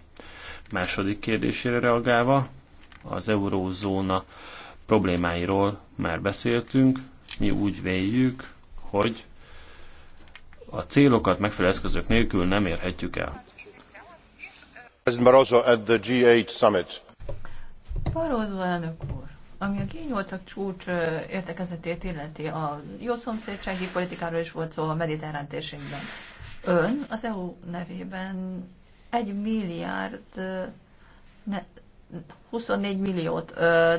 Második kérdésére reagálva, az eurózóna problémáiról már beszéltünk. Mi úgy véljük, hogy a célokat megfelelő eszközök nélkül nem érhetjük el. Barroso at the G8 summit. Barroso elnök úr, ami a G8-ak csúcs értekezetét illeti, a jó szomszédsági politikáról is volt szó a mediterrán térségben. Ön az EU nevében egy milliárd, ne, 24 milliót ö,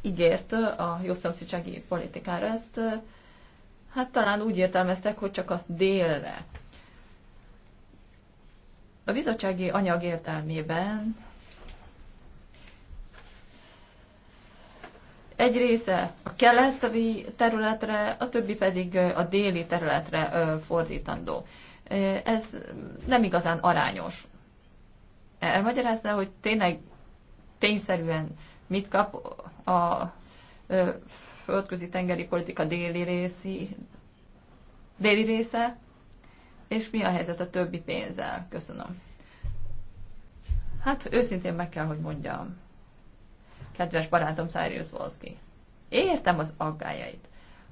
ígért a jó szomszédsági politikára. Ezt hát talán úgy értelmeztek, hogy csak a délre. A bizottsági anyag értelmében egy része a keleti területre, a többi pedig a déli területre fordítandó. Ez nem igazán arányos. Elmagyarázná, hogy tényleg tényszerűen mit kap a földközi tengeri politika déli, részi, déli része, és mi a helyzet a többi pénzzel? Köszönöm. Hát őszintén meg kell, hogy mondjam kedves barátom Cyrus Wolski. Értem az aggájait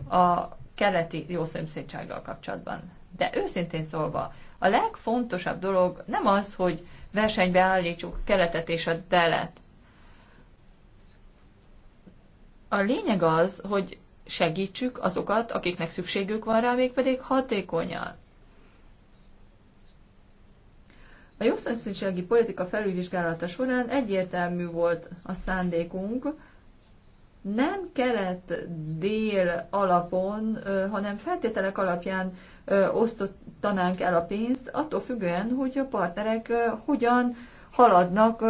a keleti jószomszédsággal kapcsolatban. De őszintén szólva, a legfontosabb dolog nem az, hogy versenybe állítsuk keletet és a delet. A lényeg az, hogy segítsük azokat, akiknek szükségük van rá, mégpedig hatékonyan. A jogszabadsági politika felülvizsgálata során egyértelmű volt a szándékunk, nem kelet-dél alapon, hanem feltételek alapján osztottanánk el a pénzt, attól függően, hogy a partnerek hogyan haladnak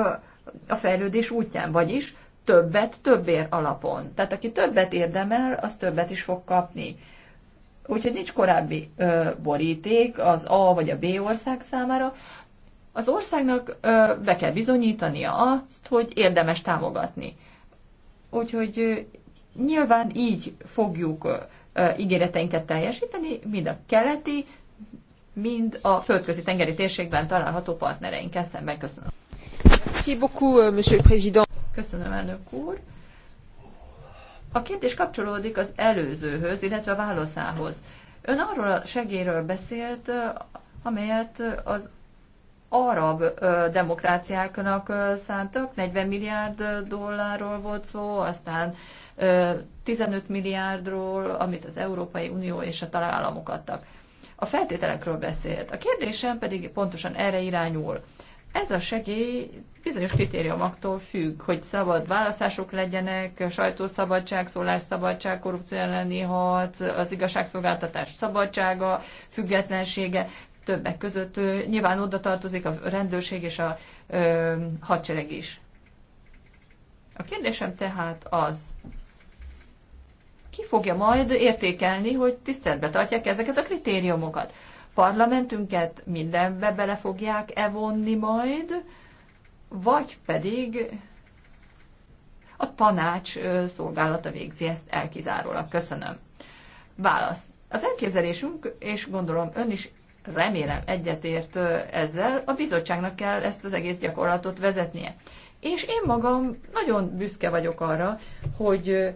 a fejlődés útján, vagyis többet többér alapon. Tehát aki többet érdemel, az többet is fog kapni. Úgyhogy nincs korábbi ö, boríték az A vagy a B ország számára, az országnak be kell bizonyítania azt, hogy érdemes támogatni. Úgyhogy nyilván így fogjuk ígéreteinket teljesíteni, mind a keleti, mind a földközi tengeri térségben található partnereinkkel szemben. Köszönöm. Euh, Köszönöm, elnök úr. A kérdés kapcsolódik az előzőhöz, illetve a válaszához. Ön arról a segélyről beszélt, amelyet az arab demokráciáknak szántak, 40 milliárd dollárról volt szó, aztán 15 milliárdról, amit az Európai Unió és a tagállamok adtak. A feltételekről beszélt. A kérdésem pedig pontosan erre irányul. Ez a segély bizonyos kritériumoktól függ, hogy szabad választások legyenek, sajtószabadság, szólásszabadság, korrupció elleni harc, az igazságszolgáltatás szabadsága, függetlensége többek között nyilván oda tartozik a rendőrség és a ö, hadsereg is. A kérdésem tehát az, ki fogja majd értékelni, hogy tiszteletbe tartják ezeket a kritériumokat? Parlamentünket mindenbe bele fogják evonni majd, vagy pedig a tanács szolgálata végzi ezt elkizárólag. Köszönöm. Válasz. Az elképzelésünk, és gondolom ön is remélem egyetért ezzel, a bizottságnak kell ezt az egész gyakorlatot vezetnie. És én magam nagyon büszke vagyok arra, hogy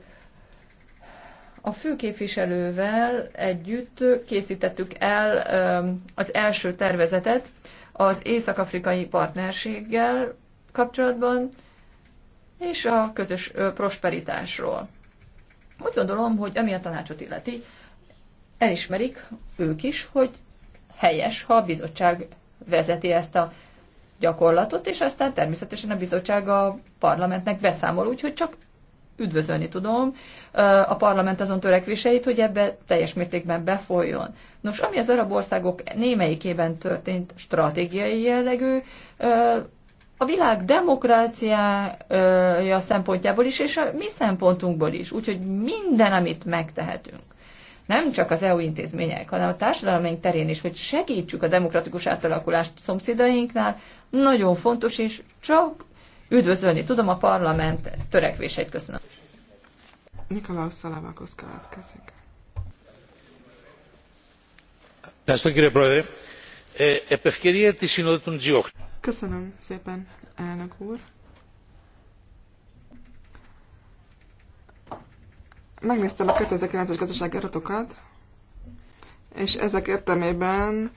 a főképviselővel együtt készítettük el az első tervezetet az észak-afrikai partnerséggel kapcsolatban, és a közös prosperitásról. Úgy gondolom, hogy ami a tanácsot illeti, elismerik ők is, hogy helyes, ha a bizottság vezeti ezt a gyakorlatot, és aztán természetesen a bizottság a parlamentnek beszámol, úgyhogy csak üdvözölni tudom a parlament azon törekvéseit, hogy ebbe teljes mértékben befolyjon. Nos, ami az arab országok némelyikében történt stratégiai jellegű, a világ demokráciája szempontjából is, és a mi szempontunkból is. Úgyhogy minden, amit megtehetünk nem csak az EU intézmények, hanem a társadalmaink terén is, hogy segítsük a demokratikus átalakulást szomszédainknál, nagyon fontos, és csak üdvözölni tudom a parlament törekvéseit. Köszönöm. Nikolaus Szalamakos következik. Köszönöm szépen, elnök úr. megnéztem a 2009-es gazdasági adatokat, és ezek értelmében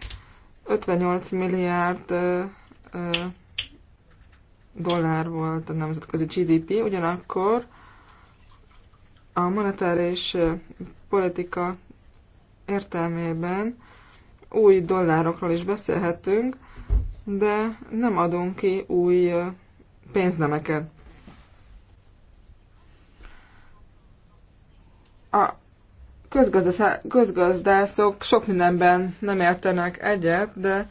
58 milliárd ö, ö, dollár volt a nemzetközi GDP, ugyanakkor a monetáris politika értelmében új dollárokról is beszélhetünk, de nem adunk ki új pénznemeket. a közgazdászok sok mindenben nem értenek egyet, de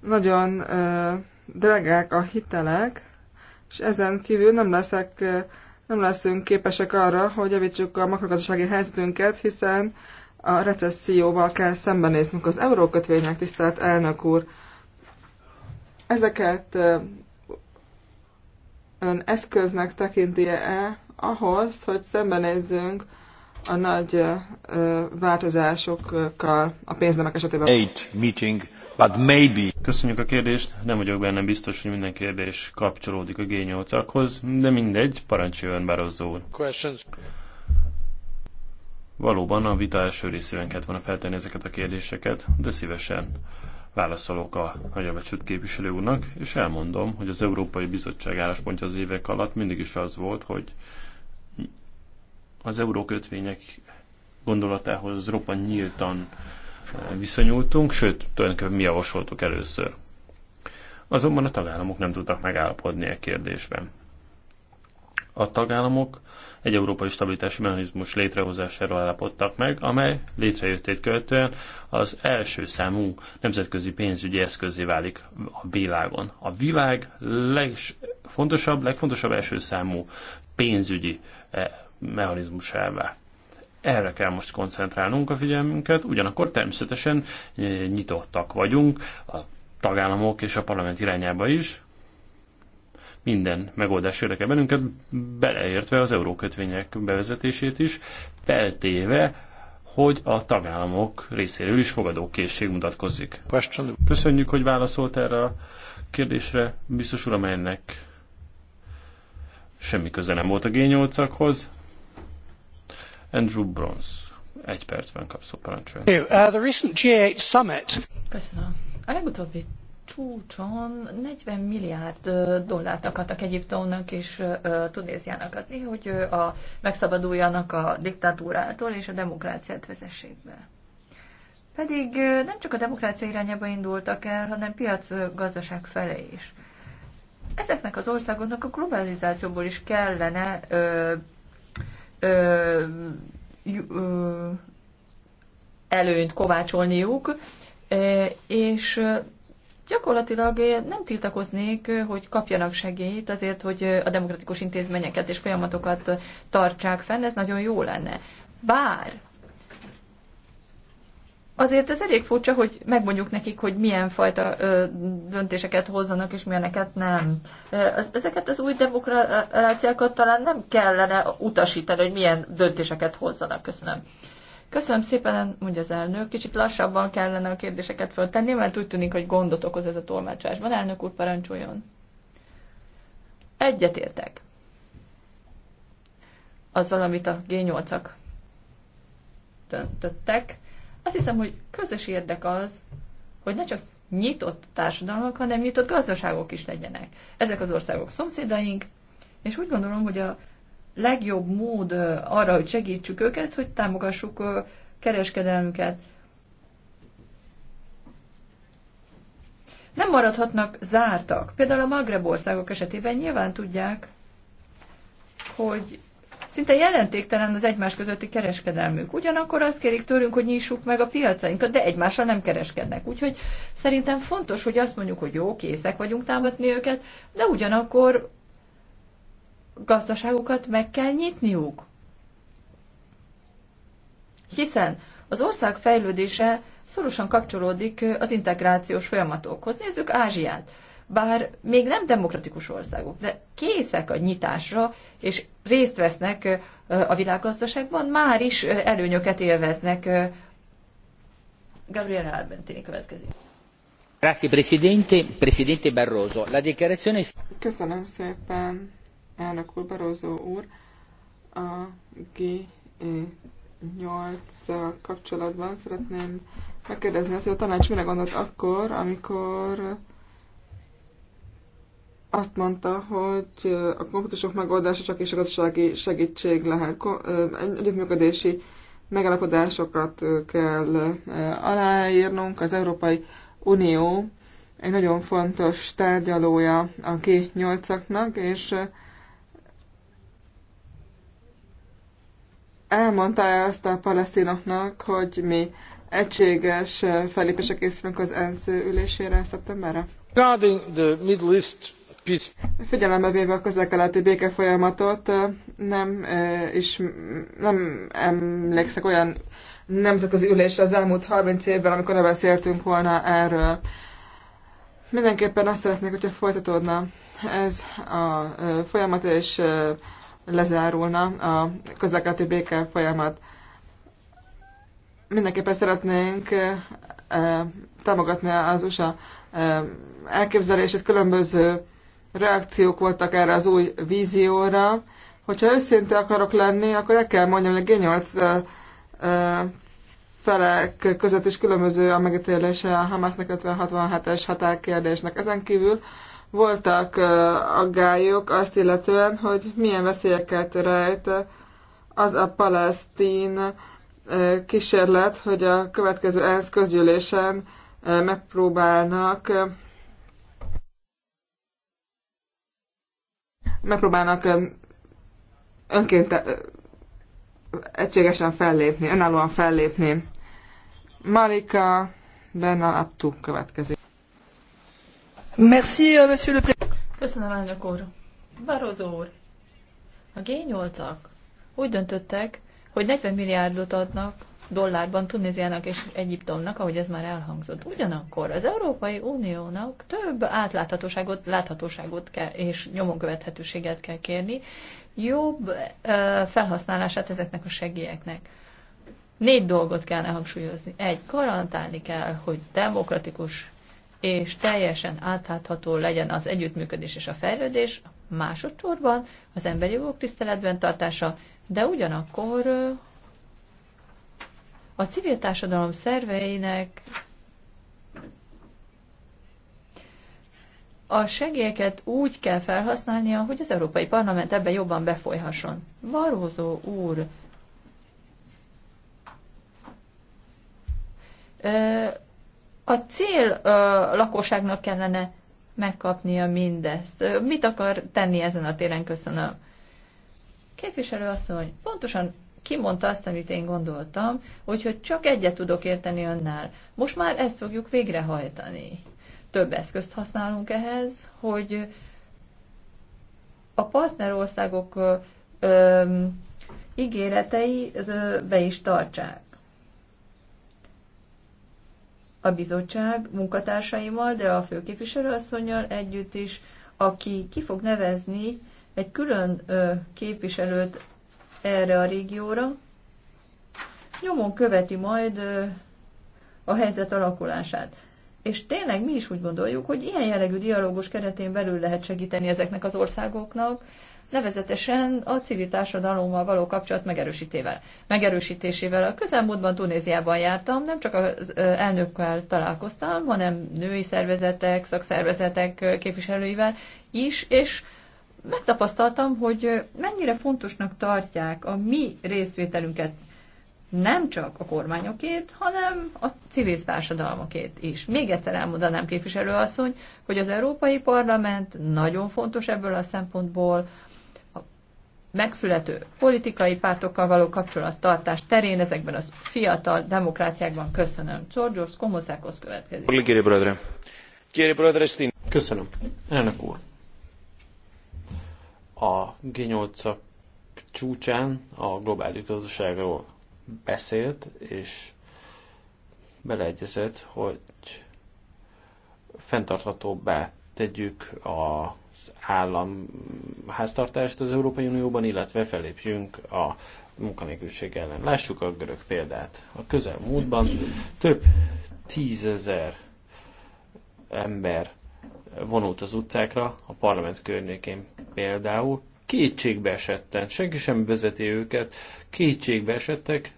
nagyon ö, drágák a hitelek, és ezen kívül nem, leszek, nem leszünk képesek arra, hogy javítsuk a makrogazdasági helyzetünket, hiszen a recesszióval kell szembenéznünk az eurókötvények, tisztelt elnök úr. Ezeket ön eszköznek tekinti-e ahhoz, hogy szembenézzünk a nagy változásokkal a pénznemek esetében. Eight meeting, but maybe. Köszönjük a kérdést, nem vagyok benne biztos, hogy minden kérdés kapcsolódik a G8-akhoz, de mindegy, parancsoljon Barozó úr. Questions. Valóban a vita első részében kellett volna feltenni ezeket a kérdéseket, de szívesen válaszolok a nagyra becsült képviselő úrnak, és elmondom, hogy az Európai Bizottság álláspontja az évek alatt mindig is az volt, hogy az eurókötvények gondolatához roppan nyíltan eh, viszonyultunk, sőt, tulajdonképpen mi javasoltuk először. Azonban a tagállamok nem tudtak megállapodni a e kérdésben. A tagállamok egy európai stabilitási mechanizmus létrehozásáról állapodtak meg, amely létrejöttét követően az első számú nemzetközi pénzügyi eszközé válik a világon. A világ legfontosabb, legfontosabb első számú pénzügyi eh, mechanizmusává. Erre kell most koncentrálnunk a figyelmünket, ugyanakkor természetesen eh, nyitottak vagyunk a tagállamok és a parlament irányába is. Minden megoldás érdekel bennünket, beleértve az eurókötvények bevezetését is, feltéve, hogy a tagállamok részéről is fogadókészség mutatkozik. Köszönjük, hogy válaszolt erre a kérdésre, biztos uram, ennek semmi köze nem volt a G8-akhoz. Andrew Brons. Egy percben kapszó parancsoljon. Uh, the recent G8 summit. Köszönöm. A legutóbbi csúcson 40 milliárd dollárt akartak Egyiptomnak és Tunéziának adni, hogy a, megszabaduljanak a diktatúrától és a demokráciát vezessék be. Pedig nem csak a demokrácia irányába indultak el, hanem piacgazdaság felé is. Ezeknek az országoknak a globalizációból is kellene ö, ö, ö, előnyt kovácsolniuk, és gyakorlatilag nem tiltakoznék, hogy kapjanak segélyt azért, hogy a demokratikus intézményeket és folyamatokat tartsák fenn, ez nagyon jó lenne. Bár azért ez elég furcsa, hogy megmondjuk nekik, hogy milyen fajta ö, döntéseket hozzanak, és milyeneket nem. Ezeket az új demokráciákat talán nem kellene utasítani, hogy milyen döntéseket hozzanak. Köszönöm. Köszönöm szépen, mondja az elnök. Kicsit lassabban kellene a kérdéseket föltenni, mert úgy tűnik, hogy gondot okoz ez a tolmácsásban. Elnök úr, parancsoljon. Egyetértek. Azzal, amit a G8-ak döntöttek azt hiszem, hogy közös érdek az, hogy ne csak nyitott társadalmak, hanem nyitott gazdaságok is legyenek. Ezek az országok szomszédaink, és úgy gondolom, hogy a legjobb mód arra, hogy segítsük őket, hogy támogassuk kereskedelmüket. Nem maradhatnak zártak. Például a Magreb országok esetében nyilván tudják, hogy Szinte jelentéktelen az egymás közötti kereskedelmük. Ugyanakkor azt kérik tőlünk, hogy nyissuk meg a piacainkat, de egymással nem kereskednek. Úgyhogy szerintem fontos, hogy azt mondjuk, hogy jó, készek vagyunk támadni őket, de ugyanakkor gazdaságukat meg kell nyitniuk. Hiszen az ország fejlődése szorosan kapcsolódik az integrációs folyamatokhoz. Nézzük Ázsiát. Bár még nem demokratikus országok, de készek a nyitásra, és részt vesznek a világgazdaságban, már is előnyöket élveznek. Gabriel Albentini következik. Grazie Presidente, Presidente Barroso. La dichiarazione... Köszönöm szépen, elnök úr, Barroso úr. A G8 kapcsolatban szeretném megkérdezni azt, hogy a tanács mire gondolt akkor, amikor azt mondta, hogy a konfliktusok megoldása csak is a gazdasági segítség lehet. Együttműködési megállapodásokat kell aláírnunk. Az Európai Unió egy nagyon fontos tárgyalója a G8-aknak, és elmondta azt a palesztinoknak, hogy mi egységes felépésre készülünk az ENSZ ülésére szeptemberre. Regarding the Middle East Figyelembe véve a közel-keleti folyamatot, nem, és nem emlékszek olyan nemzetközi ülésre az elmúlt 30 évben, amikor ne beszéltünk volna erről. Mindenképpen azt szeretnék, hogyha folytatódna ez a folyamat, és lezárulna a közelkeleti béke folyamat. Mindenképpen szeretnénk támogatni az USA elképzelését, különböző reakciók voltak erre az új vízióra. Hogyha őszinte akarok lenni, akkor el kell mondjam, hogy a G8 felek között is különböző a megítélése a Hamasnak 50-67-es határkérdésnek. Ezen kívül voltak aggályok azt illetően, hogy milyen veszélyeket rejt az a palesztin kísérlet, hogy a következő ENSZ közgyűlésen megpróbálnak megpróbálnak önként egységesen fellépni, önállóan fellépni. Marika Bernal Aptu következik. Merci, euh, monsieur le président. Köszönöm, elnök úr. Barozó úr, a G8-ak úgy döntöttek, hogy 40 milliárdot adnak dollárban Tunéziának és Egyiptomnak, ahogy ez már elhangzott. Ugyanakkor az Európai Uniónak több átláthatóságot, láthatóságot kell, és nyomon követhetőséget kell kérni, jobb felhasználását ezeknek a segélyeknek. Négy dolgot kell hangsúlyozni. Egy, garantálni kell, hogy demokratikus és teljesen átlátható legyen az együttműködés és a fejlődés, másodszorban az emberi jogok tiszteletben tartása, de ugyanakkor a civil társadalom szerveinek a segélyeket úgy kell felhasználnia, hogy az Európai Parlament ebben jobban befolyhasson. Barózó úr, a cél lakosságnak kellene megkapnia mindezt. Mit akar tenni ezen a téren? Köszönöm. Képviselő asszony, pontosan kimondta azt, amit én gondoltam, úgyhogy csak egyet tudok érteni önnel. Most már ezt fogjuk végrehajtani. Több eszközt használunk ehhez, hogy a partnerországok ígéretei be is tartsák. A bizottság munkatársaimmal, de a főképviselőasszonynal együtt is, aki ki fog nevezni egy külön ö, képviselőt erre a régióra, nyomon követi majd a helyzet alakulását. És tényleg mi is úgy gondoljuk, hogy ilyen jellegű dialógus keretén belül lehet segíteni ezeknek az országoknak, nevezetesen a civil társadalommal való kapcsolat megerősítével. megerősítésével. A közelmúltban Tunéziában jártam, nem csak az elnökkel találkoztam, hanem női szervezetek, szakszervezetek képviselőivel is, és megtapasztaltam, hogy mennyire fontosnak tartják a mi részvételünket nem csak a kormányokét, hanem a civil társadalmakét is. Még egyszer elmondanám képviselőasszony, hogy az Európai Parlament nagyon fontos ebből a szempontból, a megszülető politikai pártokkal való kapcsolattartás terén ezekben az fiatal demokráciákban köszönöm. Csorgyorsz Komoszákhoz következik. Köszönöm. Elnök úr a g 8 csúcsán a globális gazdaságról beszélt, és beleegyezett, hogy fenntarthatóbbá tegyük az állam háztartást az Európai Unióban, illetve felépjünk a munkanélküliség ellen. Lássuk a görög példát. A közelmúltban több tízezer ember vonult az utcákra, a parlament környékén például, kétségbe esetten, senki sem vezeti őket, kétségbe esettek,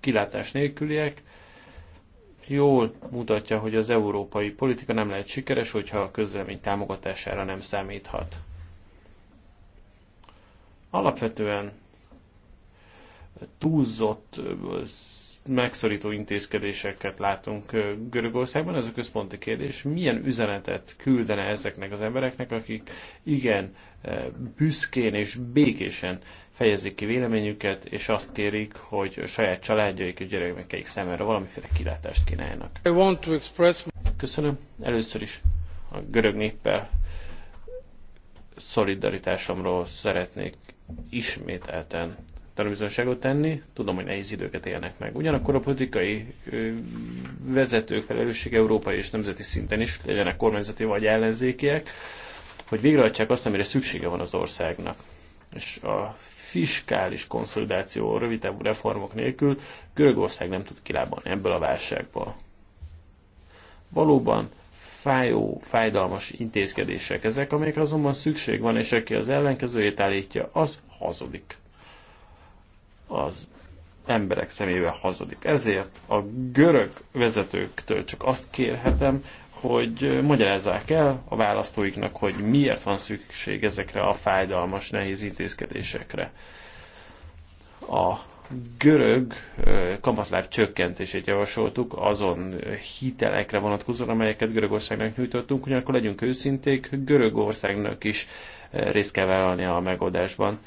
kilátás nélküliek, jól mutatja, hogy az európai politika nem lehet sikeres, hogyha a közlemény támogatására nem számíthat. Alapvetően túlzott megszorító intézkedéseket látunk Görögországban. Ez a központi kérdés, milyen üzenetet küldene ezeknek az embereknek, akik igen büszkén és békésen fejezik ki véleményüket, és azt kérik, hogy a saját családjaik és gyermekeik szemére valamiféle kilátást kínáljanak. Express... Köszönöm. Először is a görög néppel szolidaritásomról szeretnék ismételten tanulbizonságot tenni, tudom, hogy nehéz időket élnek meg. Ugyanakkor a politikai vezetők felelősség európai és nemzeti szinten is, legyenek kormányzati vagy ellenzékiek, hogy végrehajtsák azt, amire szüksége van az országnak. És a fiskális konszolidáció rövidebb reformok nélkül Görögország nem tud kilábalni ebből a válságból. Valóban fájó, fájdalmas intézkedések ezek, amelyekre azonban szükség van, és aki az ellenkezőjét állítja, az hazudik az emberek szemével hazudik. Ezért a görög vezetőktől csak azt kérhetem, hogy magyarázzák el a választóiknak, hogy miért van szükség ezekre a fájdalmas, nehéz intézkedésekre. A görög kamatláb csökkentését javasoltuk azon hitelekre vonatkozóan, amelyeket Görögországnak nyújtottunk, ugyanakkor legyünk őszinték, Görögországnak is részt kell vállalni a megoldásban.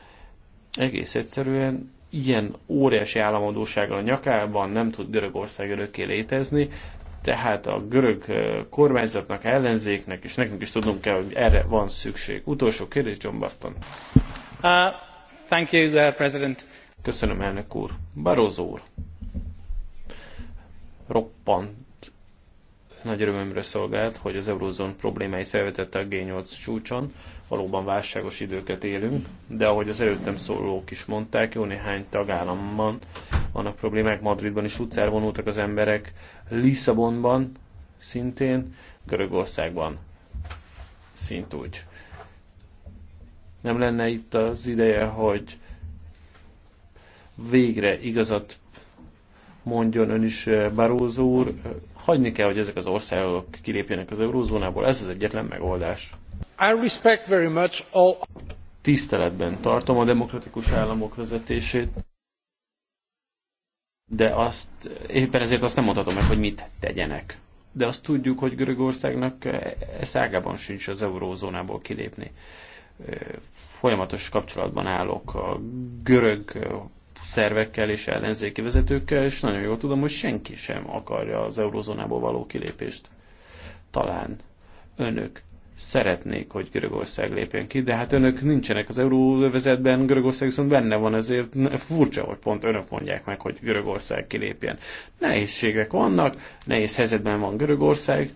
Egész egyszerűen ilyen óriási államadósággal a nyakában nem tud Görögország örökké létezni, tehát a görög kormányzatnak, ellenzéknek, és nekünk is tudnunk kell, hogy erre van szükség. Utolsó kérdés, John Barton. Uh, thank you, uh, President. Köszönöm, elnök úr. Barozó úr. Roppant nagy örömömre szolgált, hogy az eurózón problémáit felvetette a G8 csúcson valóban válságos időket élünk, de ahogy az előttem szólók is mondták, jó néhány tagállamban vannak problémák, Madridban is utcára vonultak az emberek, Lisszabonban szintén, Görögországban szintúgy. Nem lenne itt az ideje, hogy végre igazat mondjon ön is Barózó úr, hagyni kell, hogy ezek az országok kilépjenek az eurózónából, ez az egyetlen megoldás. Tiszteletben tartom a demokratikus államok vezetését, de azt, éppen ezért azt nem mondhatom meg, hogy mit tegyenek. De azt tudjuk, hogy Görögországnak eh, e szágában sincs az eurózónából kilépni. Eh, folyamatos kapcsolatban állok a görög eh, szervekkel és ellenzéki vezetőkkel, és nagyon jól tudom, hogy senki sem akarja az eurozónából való kilépést. Talán önök szeretnék, hogy Görögország lépjen ki, de hát önök nincsenek az euróvezetben, Görögország viszont benne van, ezért furcsa, hogy pont önök mondják meg, hogy Görögország kilépjen. Nehézségek vannak, nehéz helyzetben van Görögország,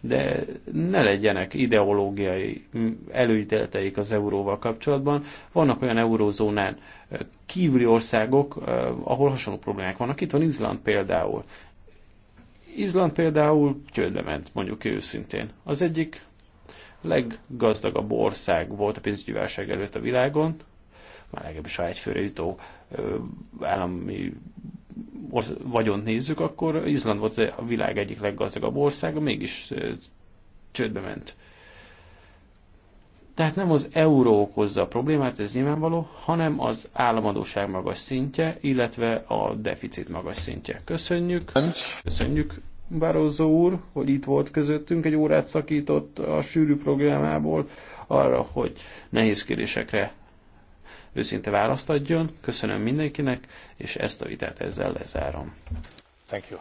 de ne legyenek ideológiai előítéleteik az euróval kapcsolatban. Vannak olyan eurózónán kívüli országok, ahol hasonló problémák vannak. Itt van Izland például. Izland például csődbe ment, mondjuk őszintén. Az egyik leggazdagabb ország volt a pénzügyi válság előtt a világon, már legalábbis ha egyfőre jutó állami vagyont nézzük, akkor Izland volt a világ egyik leggazdagabb országa, mégis csődbe ment. Tehát nem az euró okozza a problémát, ez nyilvánvaló, hanem az államadóság magas szintje, illetve a deficit magas szintje. Köszönjük. Köszönjük. Barroso úr, hogy itt volt közöttünk, egy órát szakított a sűrű programából arra, hogy nehéz kérdésekre őszinte választ adjon. Köszönöm mindenkinek, és ezt a vitát ezzel lezárom. Thank you.